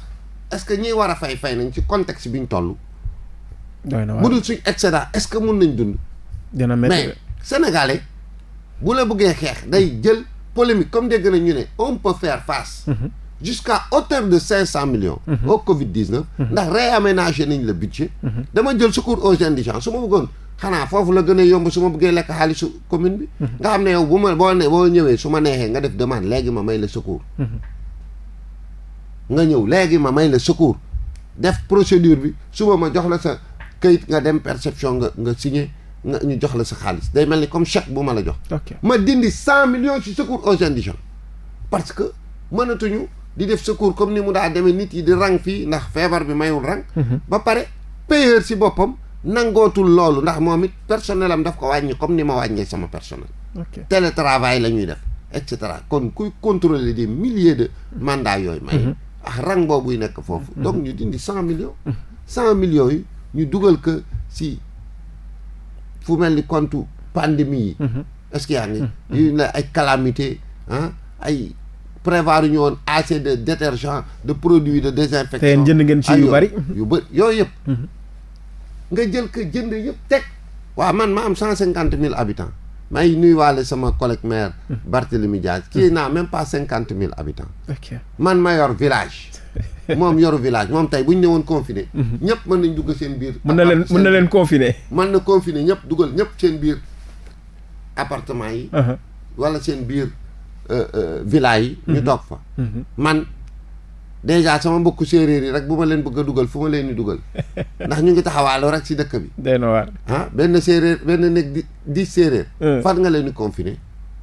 est ce que ñiy war a fay fay nañ ci contexte bi ñu toll bu dul suñ excédent est ce que mun nañ dund dina métti mais sénégalais bu la bëggee xeex day jël polémique comme dégg nañ ñu ne on peut faire face mhm. jusqu'à hauteur de cinq cent millions mhm. au covid 19 ndax réaménager nañ le budget dama jël secours aux indigents su ma bëggoon xanaa foofu la gën a yomb su ma bëggee lekk xaalisu commune bi. Mhm. nga xam ne yow bu ma boo ne boo ñëwee su ma neexee nga def demande léegi ma may la secours. Mhm. nga ñëw léegi ma may la secours. def procédure bi suba ma jox la sa kayit nga dem perception nga nga signé nga ñu jox la sa xaalis day mel ni comme chèque bu ma la jox. ma dindi cent millions ci secours aux indigents. parce que mënatuñu di def secours comme ni mu daa demee nit yi di rang fii ndax feebar bi mayul rang. Mhm. ba pare payeur si boppam. nangootul loolu ndax moom it personnel am daf ko wàññi comme ni ma wàññee sama personnel. ok télétravail la ñuy def et cetera kon kuy contrôler des milliers de mandats yooyu. may mhm. ah rang boobuy nekk foofu. Mhm. donc ñu dindi cent millions. Mhm. cent millions yi ñu dugal ko si fu mel ni compte pandémie yi. est-ce que yaa ngi. yu ne ay calamité ah, ay. prévoir ñu woon assez de détergent de produits de désinfection. te jënd ngeen ci ah, yu bari yu bëri yooyu yëpp. nga jël ko jënd yëpp teg waaw man ma am cent cinquante mille habitants may nuyuwaale sama collègue maire hmm. Barthélemy Diaz kii naa même pas cinquante mille habitants okay. man ma yor village moom yoru village moom tey bu ñu ne ñëwoon confiné hmm. ñëpp mën nañ dugg seen biir mën na leen mën na leen confiné mën na confiné ñëpp dugal ñëpp seen biir appartement yi uh-huh. wala seen biir euh, euh, village yi ñu hmm. toog fa dèjà sama mbokku séeréer yi rek bu ma leen bëgg a dugal fu ma leen di dugal ndax ñu ngi taxawaaloo rek si dëkk bi. day na waar ah benn séeréer benn nekk di di séeréer. Euh. fan nga leen di confiné.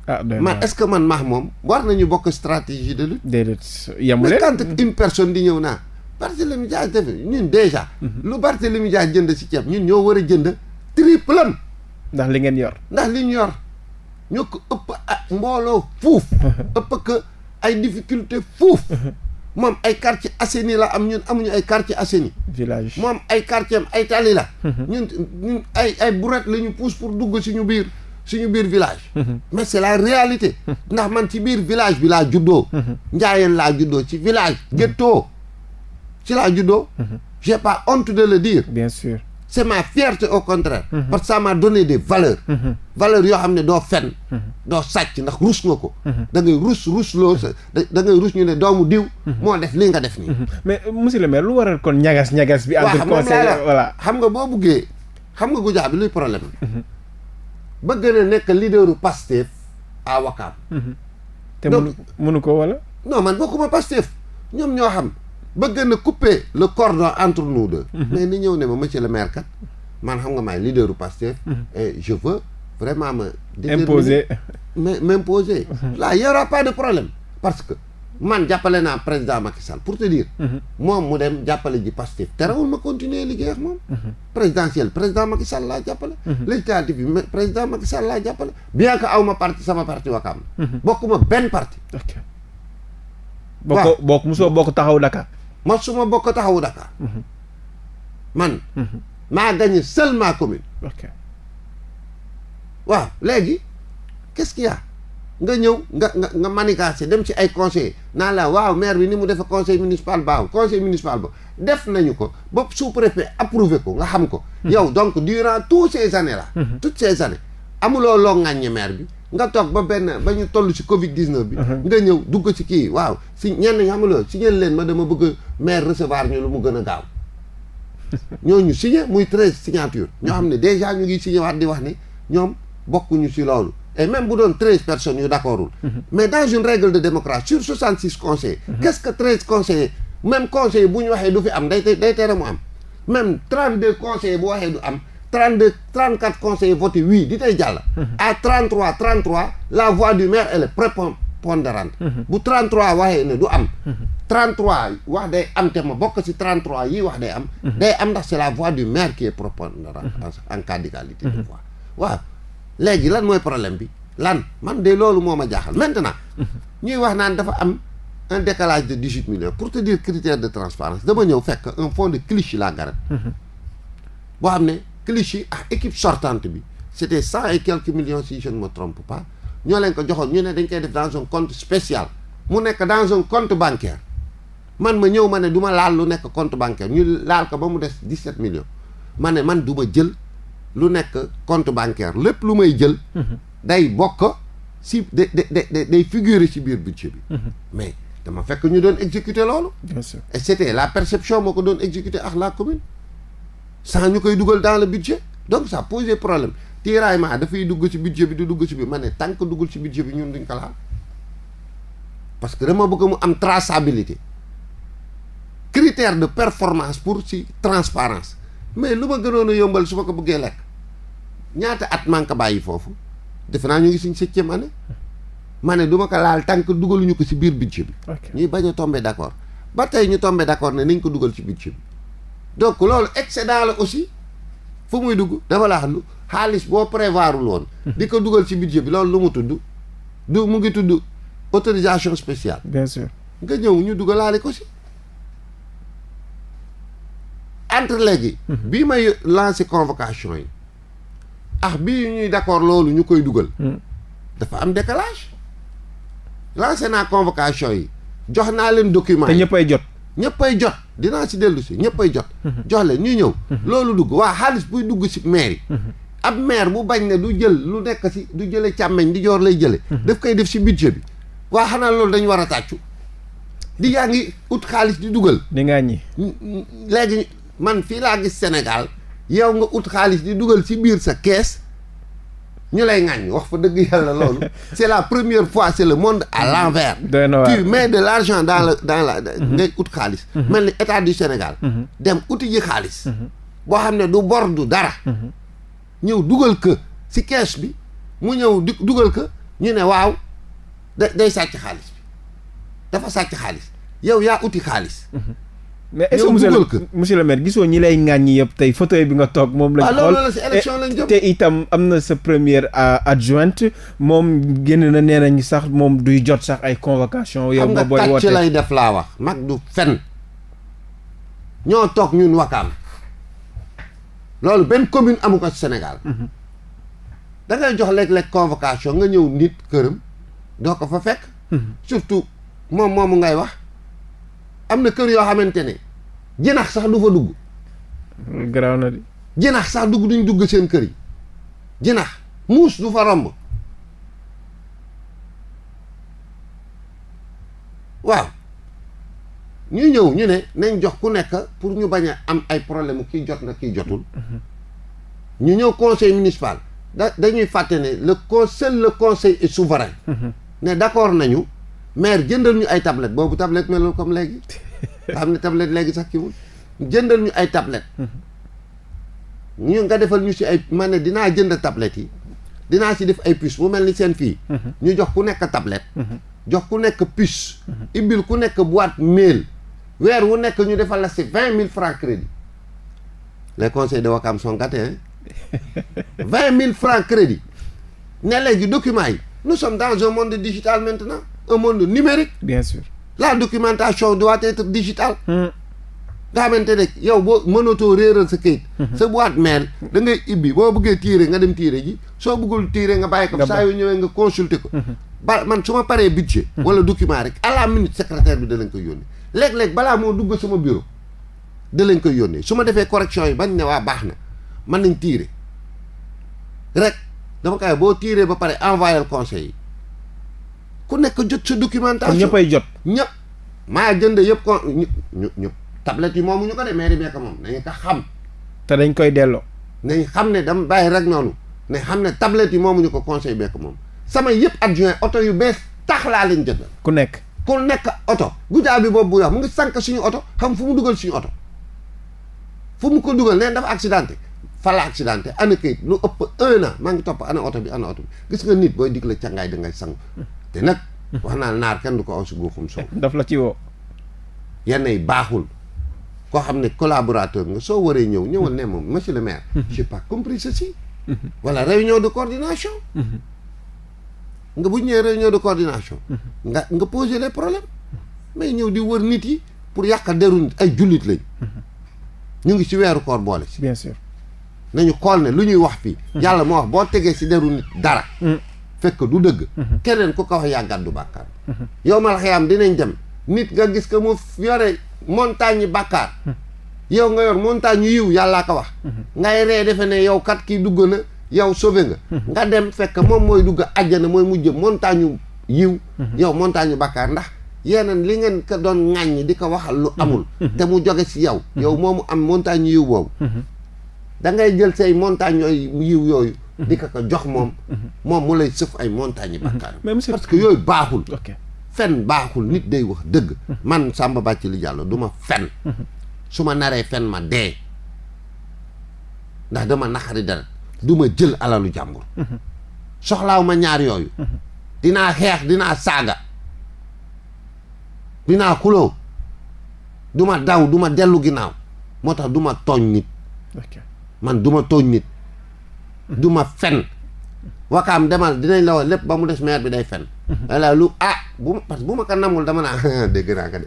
ah man est ce que man maax moom war nañu bokk stratégie de lutte. déedéet yemu leen mais quand une personne di ñëw naa. Barthélemy Dias def ñun dèjà. Mhm. lu Barthélemy Dias jënd si ceeb ñun ñoo war a jënd triple ndax li ngeen yor. ndax li ñu yor ñoo ëpp a mbooloo fuuf. ëpp que ay difficulté fuuf. moom ay quartier assaini la am ñun amuñu ay quartier assaini village moom ay quartier ay tali la mhm. ñun ay ay brouette la ñu pousse pour dugg suñu biir suñu biir village mhm. mais c'est la réalité mhm. ndax man ci biir village bi laa juddoo njaayeen laa juddoo ci village ghetto ci laa juddoo j'ai pas honte de le dire bien c' est ma fierté au contraire. Mm-hmm. parce que ça m'a donné des valeurs. Mm-hmm. valeurs yoo xam ne doo fen. Mm-hmm. doo sàcc ndax rus nga ko. dangay ngay rus rus loo sa da ngay rus ñu ne doomu diw. moo def li nga def nii. mais monsieur le maire lu waral kon ñagas ñagas bi. entre conseil voilà xam nga boo buggee xam nga Goudiaby bi problème ba bëgg na nekk leaderu Pastef à te mënu mënu ko wala. non man bokkuma Pastef ñoom ñoo xam. bëgg na couper le cordon entre nous deux. Mhm. mais ni ñëw ne ma monsieur le maire kat man xam nga maay leaderu Pastef. Mhm. et je veux vraiment ma. imposer mais m'imposer. Mhm. là y aura pas de problème parce que. man jàppale naa président Macky Sall pour te dire. moom mu dem jàppale ji Pastef terewul ma continuer liggéey ak moom. présidentiel président Macky Sall laa jàppale. législative bi président Macky laa jàppale. bien que aw ma parti sama parti Wakaam. ma benn parti. ok. waaw bokk bokk mosoo bokk taxaw Dakar. man suma ma bokk taxawu Dakar. Mhm. man. Mhm. maa gagné seulement commune. ok waaw léegi quest nga ñëw nga nga nga manigancé dem ci ay conseillers naa la waaw maire bi ni mu defee conseil municipal baaw conseil municipal ba def nañu ko ba sous-préfet approuvé ko nga xam ko. Mhm. yow donc durant toutes ces années là. toutes ces années amuloo loo ŋàññe maire bi. nga toog ba benn ba ñu toll ci Covid 19 bi. Uh-huh. nga ñëw dugg ci kii waaw si ñenn nga xam ne si ñenn leen ma dama bëgg maire recevoir ñu lu mu gën a gaaw ñooñu signé muy treize signature ñoo xam ne déjà ñu ngi signé waat di wax ni ñoom bokku ñu si loolu. et même bu doon treize personnes yu d'accordul uh-huh. mais dans une règle de démocratie sur soixante six conseillers uh-huh. qu'est-ce que treize conseillers même conseillers bu ñu waxee du fi am day day tere mu am même trente deux conseil bu waxee du am 32 34 conseillers voté oui di tey jàll. Mhm. à 33 33 la voix du maire elle est prépondérante. Mhm. bu 33 waxee ne du am. 33 mhm. wax day am te ma bokk ci 33 yi wax day am. day am ndax c'est la voix du maire qui est prépondérante. en cas d'égalité de voix. waaw léegi lan mooy problème bi lan man de loolu moo ma jaaxal maintenant. ñuy wax naan dafa am. un décalage de dix-huit millions pour te dire critère de transparence dama ñëw fekk un fonds de cliché laa garat boo Clichy ak équipe sortante bi c' était cent et quelques millions si je ne me trompe ñoo leen ko joxoon ñu ne dañ koy def dans un compte spécial mu nekk dans un compte bancaire man ma ñëw ma ne du laal lu nekk compte bancaire ñu laal ko ba mu des dix sept millions ma ne man du ma jël lu nekk compte bancaire lépp lu may jël. Mhm. day bokk si day day day figurer ci biir budget bi. Mhm. mais dama fekk ñu doon exécuter loolu. bien sûr et c' était la perception moo ko doon exécuter ak la commune. sans ñu koy dugal dans le budget donc ça pose problème tiraillement dafay dugg ci budget bi du dugg ci bi ma ne tant que duggul ci budget bi ñun duñ ko laal que dama bëgg mu am traçabilité critère de performance pour ci transparence mais lu ma gënoon a yombal su ma ko bëggee lekk ñaata at maa bàyyi foofu defe naa ñu ngi suñ septième année ma ne du ma ko laal tant que dugaluñu ko ci biir budget bi ñuy bañ a tombé d'accord ba tey ñu tombé d'accord ne nañ ko dugal ci budget bi donc loolu excédent la aussi fu muy dugg dafa laax lu xaalis boo prévoirul woon hmm. di ko dugal ci budget bi loolu lu mu tudd du mu ngi tudd autorisation spéciale bien sûr nga ñëw ñu dugalaale ko si entre léegi hmm. bii may lancé convocation yi ah bii ñuy d'accord loolu ñu koy dugal hmm. dafa am décalage lancé naa convocation yi jox naa leen document te ñëppay jot ñëppay jot dinaa si dellu si ñëppay jot. Mhm. jox leen ñuy ñëw. Mhm. loolu dugg waa xaalis buy dugg si maire yi. Mhm. ab maire bu bañ ne du jël lu nekk si du jële càmmeñ di joor lay jële daf koy def si budget bi. waa xanaa loolu dañu war a tàccu. di yaa ngi ut xaalis di dugal. di ngaa léegi man fii laa gis Sénégal yow nga ut xaalis di dugal si biir sa kees. ñu lay ŋàññ wax fa dëgg yàlla loolu c'est la première fois c'est le monde à mm-hmm. l'envers tu mais de l'argent dans la dans la mm-hmm. ngay ut xaalis mm-hmm. mel ni état du Sénégal dem uti ji xaalis boo xam ne du bor du dara ñëw dugal ko si kees bi mu ñëw dugal ko ñu ne waaw day sàcc xaalis bi dafa sàcc xaalis yow yaa uti xaalis mais est-ce que monsieur monsieur le maire gisoo ñi lay ŋàññi yëpp tey fauteuil bi nga toog moom lañ ah, xool te itam am na sa première adjointe moom génn na nee nañ sax moom duy jot sax ay convocation yow nga booy woote lay def laa wax mag du fen ñoo toog ñun wakaam loolu benn commune amu ko Sénégal mhm. da jox léeg-léeg convocation nga ñëw nit këram doo ko fa fekk mhm. surtout moom moomu ngay wax am na kër yoo xamante ne jinax sax du fa dugg. garaaw jinax sax dugg duñ dugg seen kër yi jinax muus du fa romb waaw ñuy ñëw ñu ne nañ jox ku nekk pour ñu bañ a am ay problème kii jot na kii jotul. Mhm. ñu ñëw conseil municipal da dañuy fàtte ne le conseil le conseil est souverain. Mhm. ne d'accord nañu. maire jëndal ñu ay tablette boobu tablette melul comme léegi xam ne tablette léegi sax kiwul jëndal ñu ay tablette mhm. ñu nga defal ñu si ay ma ne dinaa jënd tablet yi dinaa si def ay puce bu mel ni seen fii mhm. ñu jox ku nekk tablet mhm. jox ku nekk puce ibbil ku nekk boîte mail weer wu nekk ñu defal la si vingt mille francs crédit les conseils de Wakam sont gâtés vingt mille francs crédit ne léegi documents yi nous sommes dans un monde digital maintenant un monde numérique. bien sûr la documentation doit être digitale. Hmm. nga xamante ne yow boo mënatoo réeral sa kayit. Hmm. sa boîte da ngay ibbi boo bëggee tiire nga dem tiire ji soo bëggul tiire nga bàyyi ko. saa yu ñëwee nga consulter ko. Hmm. ba man su ma paree budget. wala document rek à la minute secrétaire bi danañ ko yónnee léeg-léeg balaa moo dugg sama bureau danañ ko yónnee su ma defee correction yi bañ ne waa baax na mën nañ tiire rek dama kay boo tiiree ba pare envoyé conseil yi. ku nekk jot sa documentation ñëppay jot ñëpp maa jënd yëpp ko ñu ñu tablette yi moom ñu ko de mairie bee ko moom nañu ko xam te dañ koy delloo nañ xam ne dam bàyyi rek noonu ne xam ne tablette yi moom ñu ko conseil bee ko moom sama yëpp adjoint oto yu bees tax laa leen jënd ku nekk ku nekk oto guddaa bi boobu bu wax mu ngi sànq suñu oto xam fu mu dugal suñu oto fu mu ko dugal neen dafa accidenté fa la accidenté ana kayit lu ëpp un an maa ngi topp ana oto bi ana oto gis nga nit booy dig cangaay da ngay te nag. wax naa naar kenn du ko aw si guuxum soow. daf la ci wo yenn yi baaxul. koo xam ne collaborateur nga soo waree ñëw ñëwal ne moom monsieur le maire. j'ai pas compris ceci. voilà réunion de coordination. nga bu ñëwee réunion de coordination. nga nga poser les problèmes. mais ñëw di wër nit yi pour yàq deru nit ay jullit lañ. ñu ngi si weeru koor boole si. nañu xool ne lu ñuy wax fii. yàlla moo wax boo tegee si deru nit dara. Mm. fekk du dëgg keneen ku ko wax yaa gàddu bàkkaar yow mal xayaam dinañ dem nit nga gis que mu yore montagne yi bàkkaar yow nga yor montagne yu yiw yàllaa ko wax ngay ree defe ne yow kat kii dugg na yow sauvé nga nga dem fekk moom mooy dugg àjjana mooy mujj montagne yiw yow montagne yu bàkkaar ndax yeneen li ngeen ko doon ŋàññi di ko waxal lu amul te mu joge ci yow yow moomu am montagne yiw boobu da jël say montagne yiw yooyu di ko ko jox moom moom mu lay sëf ay montagnes yi mhm. bàkkaar parce que yooyu baaxul fen baaxul nit day wax dëgg mhm. man Samba Bathily Diallo du duma fen mhm. su ma naree fen ma dee ndax dama naxari dara duma jël alalu jàmbur soxlaaw ma ñaar yooyu dinaa xeex dinaa saaga dinaa xuloo du ma daw duma dellu ginnaaw moo tax duma tooñ nit man du tooñ nit du ma fen wakaam demal dinañ la wax lépp ba mu des maire bi day fen wala lu ah bu parce que bu ma ko namul dama naa dégg naa ko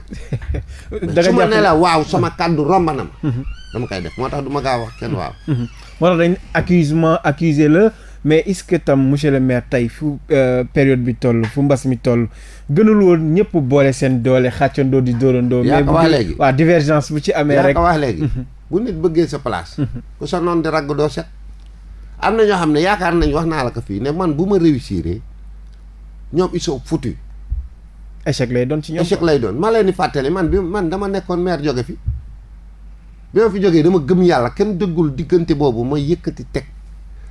de su ma ne la waaw sama kàddu romb na mhm. dama koy def moo tax du ma gaa wax kenn waaw mhm. moo tax dañ accusement accusé la mais est-ce que tam monsieur le maire tey fu euh, période bi toll fu mbas mi toll gënul woon ñëpp boole seen doole xàccandoo di dóorandoo mais bu wax léegi waaw divergence bu ci amee rek yaa ko wax mhm. sa place ku sa am na ñoo xam ne yaakaar nañ wax naa la ko fii ne man bu ma réussir ñoom ils sont foutus. échec lay doon ci ñoom échec lay doon ma leen di fàttali man bi man dama nekkoon maire jóge fi bi ma fi jógee dama gëm yàlla kenn dëggul diggante boobu ma yëkkati teg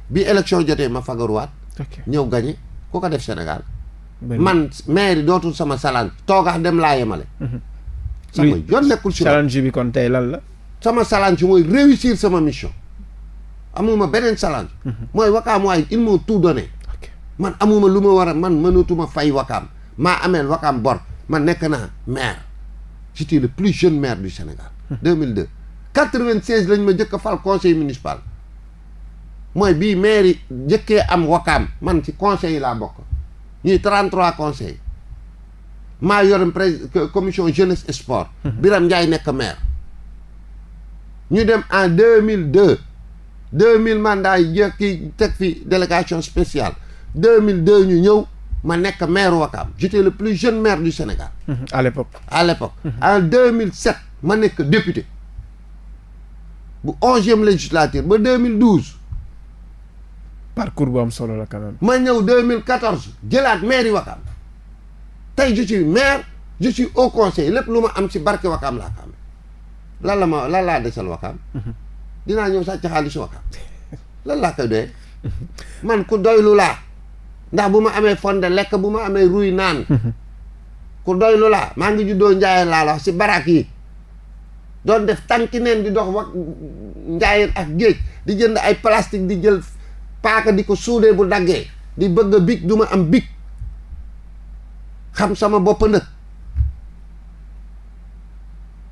bi élection jotee ma fagaruwaat. ñëw gañe ku ko def Sénégal. man maire yi dootul sama salaan toogax dem laa yemale. Mhm. sama yoon nekkul si bi kon tey lan la. sama salaan si mooy réussir sama mission. amuma beneen challenge. Mhm. mooy wakaam waaye ils m'ont tout donné. man amuma lu ma war a man mënatuma fay wakaam maa ameel wakaam bor man nekk naa maire j'étais le plus jeune maire du Sénégal. 2002 mhm. 96 lañ ma njëkk a fal conseil municipal mooy bii maire yi njëkkee am wakaam man ci conseil yi laa bokk ñuy 33 conseils maa yor pré commission jeunesse et sport. Mhm. Biram Ndiaye nekk maire. ñu dem en 2002. deux mille mandats yi jëkki teg fi délégation spéciale deux mille deux ñu ñëw ma nekk maire Wakaam j'étais le plus jeune maire du Sénégal. Mm-hmm. à l'époque à l'époque en deux mille sept ma nekk député bu onzième législature ba deux mille douze. parcours bu am solo la quand ma ñëw deux mille quatorze jëlaat mair yi Wakaam tey ju suis maire je suis au conseil lépp lu ma am si barke Wakaam laa ko amee la ma lan laa desal Wakaam. Mm-hmm. dinaa ñëw sàcc xaalis waka lan laa koy man ku doylu laa ndax bu ma amee fonde lekk bu ma amee ruy naan ku doylu laa maa ngi juddoo njaayeen laa la si barak yi doon def tànki neen di dox wax njaayeen ak géej di jënd ay plastique di jël paaka di ko suudee bu daggee di bëgg a big du ma am big xam sama bopp nag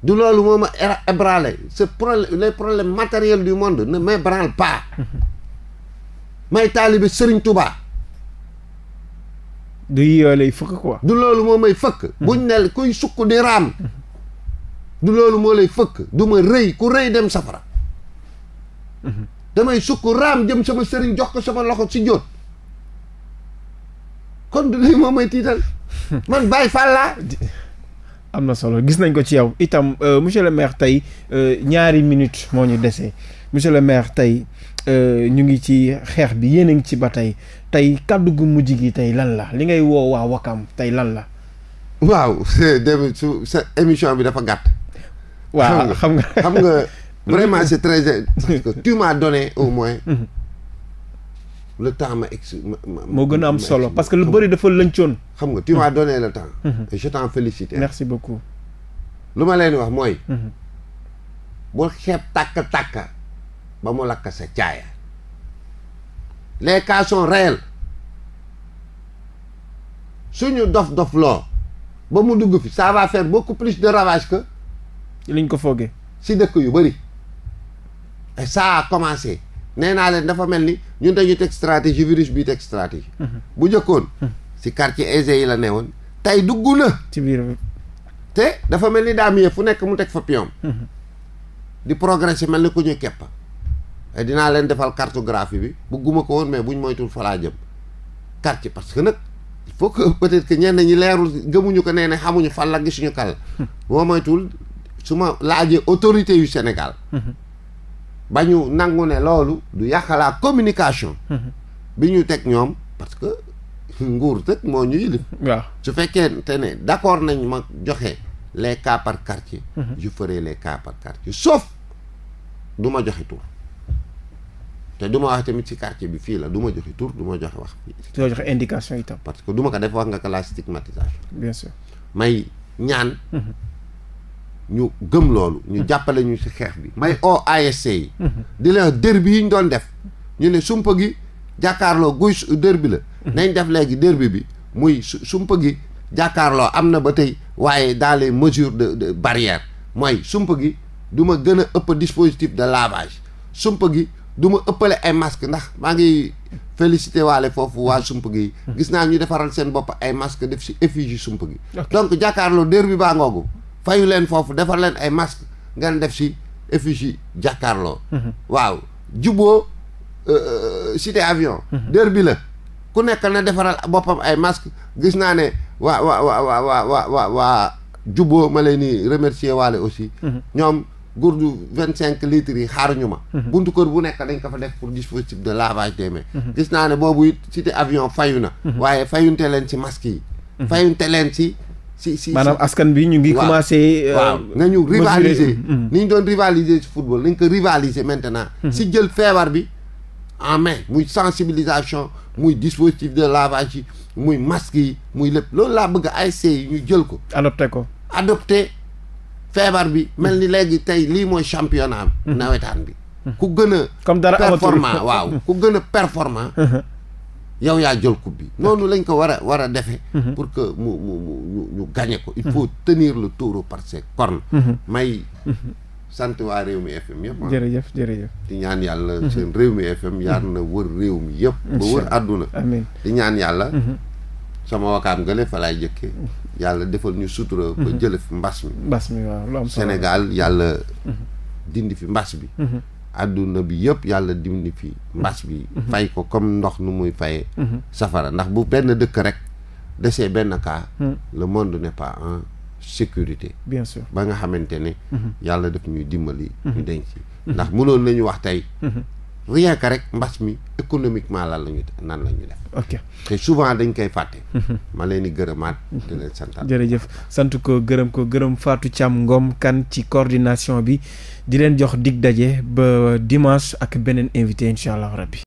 du loolu moo ma er-, problème les problèmes matériels du monde ne m'ébranle pas may taalibe sëriñ Touba. du yii lay fëkk quoi. du loolu moo may fëkk. buñ ne kuy sukk di raam. du loolu moo lay fëkk du ma rey ku rëy dem safara. damay sukk raam jëm sama sëriñ jox ko sama loxo si jóot kon du lii moo may tiital man bàyyi fàllaa am na solo gis nañ ko ci yow itam euh, monsieur le maire tey euh, ñaari minutes moo ñu desee monsieur le maire tey euh, ñu ngi ci xeex bi yéen a ngi ci ba tey tey kàddu gu mujj gi tey lan la li ngay woo waa Wakaam tey lan la. waaw c'est su sa émission bi dafa gàtt. waaw xam nga xam nga. vraiment c'est très parce que tu m'as donné au moins. Mhm. le temps moo gën am solo parce que lu bëri dafa lëncoon. xam nga tu m'as mhm. donné le mhm. ma leen wax mooy. Mhm. bul xeeb tàkk tàkk ba mu lakk sa caaya. les cas sont réels suñu dof dof loo ba mu dugg fi ça va faire beaucoup plus de ravage que. liñ ko foogee. si dëkk yu bëri. et ça nee naa leen dafa mel ni ñun dañu teg stratégie virus bi teg stratégie. Mhm. bu njëkkoon. si quartier aisés yi la ne woon tey dugg na. ci biir te dafa mel ni daa fu nekk mu teg fa pion. Mhm. di progresser mel ni ku ñuy kepp. Eh, dinaa leen defal cartographie bi bugguma ko woon mais buñ moytul falaa jëm quartier parce que nag il faut que peut-être que ñenn ñi leerul gëmuñu ko nee ne xamuñu fan la suñu kal mhm. boo moytul su ma laajee autorité yu Sénégal ba ñu nangu ne loolu du yàqalaat communication mm-hmm. bi ñu teg ñoom parce que nguur tëg moo ñu yilif waaw su fekkee te ne d'accord nañ ma joxe les cas par quartier mm-hmm. je ferai les cas par quartier sauf du ma joxe tur te du wax tamit ci quartier bi fii la duma joxe tur du joxe wax fii du ma joxe indication itam parce que duma ko def wax nga ko la stigmatisation bien may ñaan mm-hmm. ñu gëm loolu ñu jàppale ñu si xeex bi may oo ay yi di la derbi yi ñu doon def ñu ne sumpa gi jàkkaarloo guy derbi la nañ def léegi derbi bi muy sumpa gi jàkkaarloo am na ba tey waaye dans les mesure de de barrière mooy sumpa gi du ma gën a ëpp dispositif de lavage sumpa gi du ma ëppale ay masque ndax maa ngi félicité waale foofu waa sump gi gis naa ñu defaral seen bopp ay masque def si effigie sump gi donc jàkkaarloo derbi baa ngoogu fayu leen foofu defar leen ay masque ngeen def si effigie jàkkaarloo mhm. waaw juboo euh, euh, cité avion mhm. dër bi la ku nekk na defaral boppam ay masque gis naa ne waa waa waa waa waa waa waa waa juboo ma leen ni remercier waale aussi mhm. ñoom gurdu vingt cinq litres yi xaaruñu ma buntu bu nekk dañ ko def pour dispositif de lavage des gis naa ne boobu it avion fayu na waaye fayunte leen si masque yi fayunte leen si si si maanaam askan bi ñu ngi. commencé euh, waaw nga ñu rivaliser. Mm-hmm. ni ñu doon rivaliser si football nañ ko rivaliser maintenant. Mm-hmm. si jël feebar bi en main muy sensibilisation muy dispositif de lavage yi muy masque yi muy lépp loolu laa bëgg ASC yi ñu jël ko. adopté ko adopté feebar bi mel ni léegi tey lii mooy championnat mm-hmm. nawetaan bi. ku gën a. comme dara waaw ku gën a performant. Uh-huh. yow yaa jël coupe bi noonu lañ ko war a war a defee mhm. pour que mu mu mu ñu gagné ko il mhm. faut tenir le taureau par ses cornes mhm. may sant waa réew mi FM yëpp ah. jërëjëf ñaan yàlla seen réew mi FM yaar na wër réew mi yëpp ba wër àdduna amiin di ñaan yàlla sama wakaam gële fa laay jëkkee yàlla defal ñu sutura ba jële fi mbas mi mbas mi waaw lu yàlla dindi fi mbas bi àdduna bi yëpp yàlla dimni fi mm-hmm. mbas bi fay ko comme ndox nu muy fayee mm-hmm. safara ndax bu benn dëkk rek desee benn cas mm-hmm. le monde n'est pas en sécurité bien ba nga xamante ne yàlla def ñuy dimbali ñu denc ndax mënoon nañu wax tey rien que rek mbas mi économiquement lan la ñu nan la ñu def. te souvent dañ koy fàtte. Mhm. ma leen di gërëmaat di jërëjëf sant ko gërëm ko gërëm faatu Thiam Ngom kan ci coordination bi di leen jox dig daje ba dimanche ak beneen invité incha allah rabbi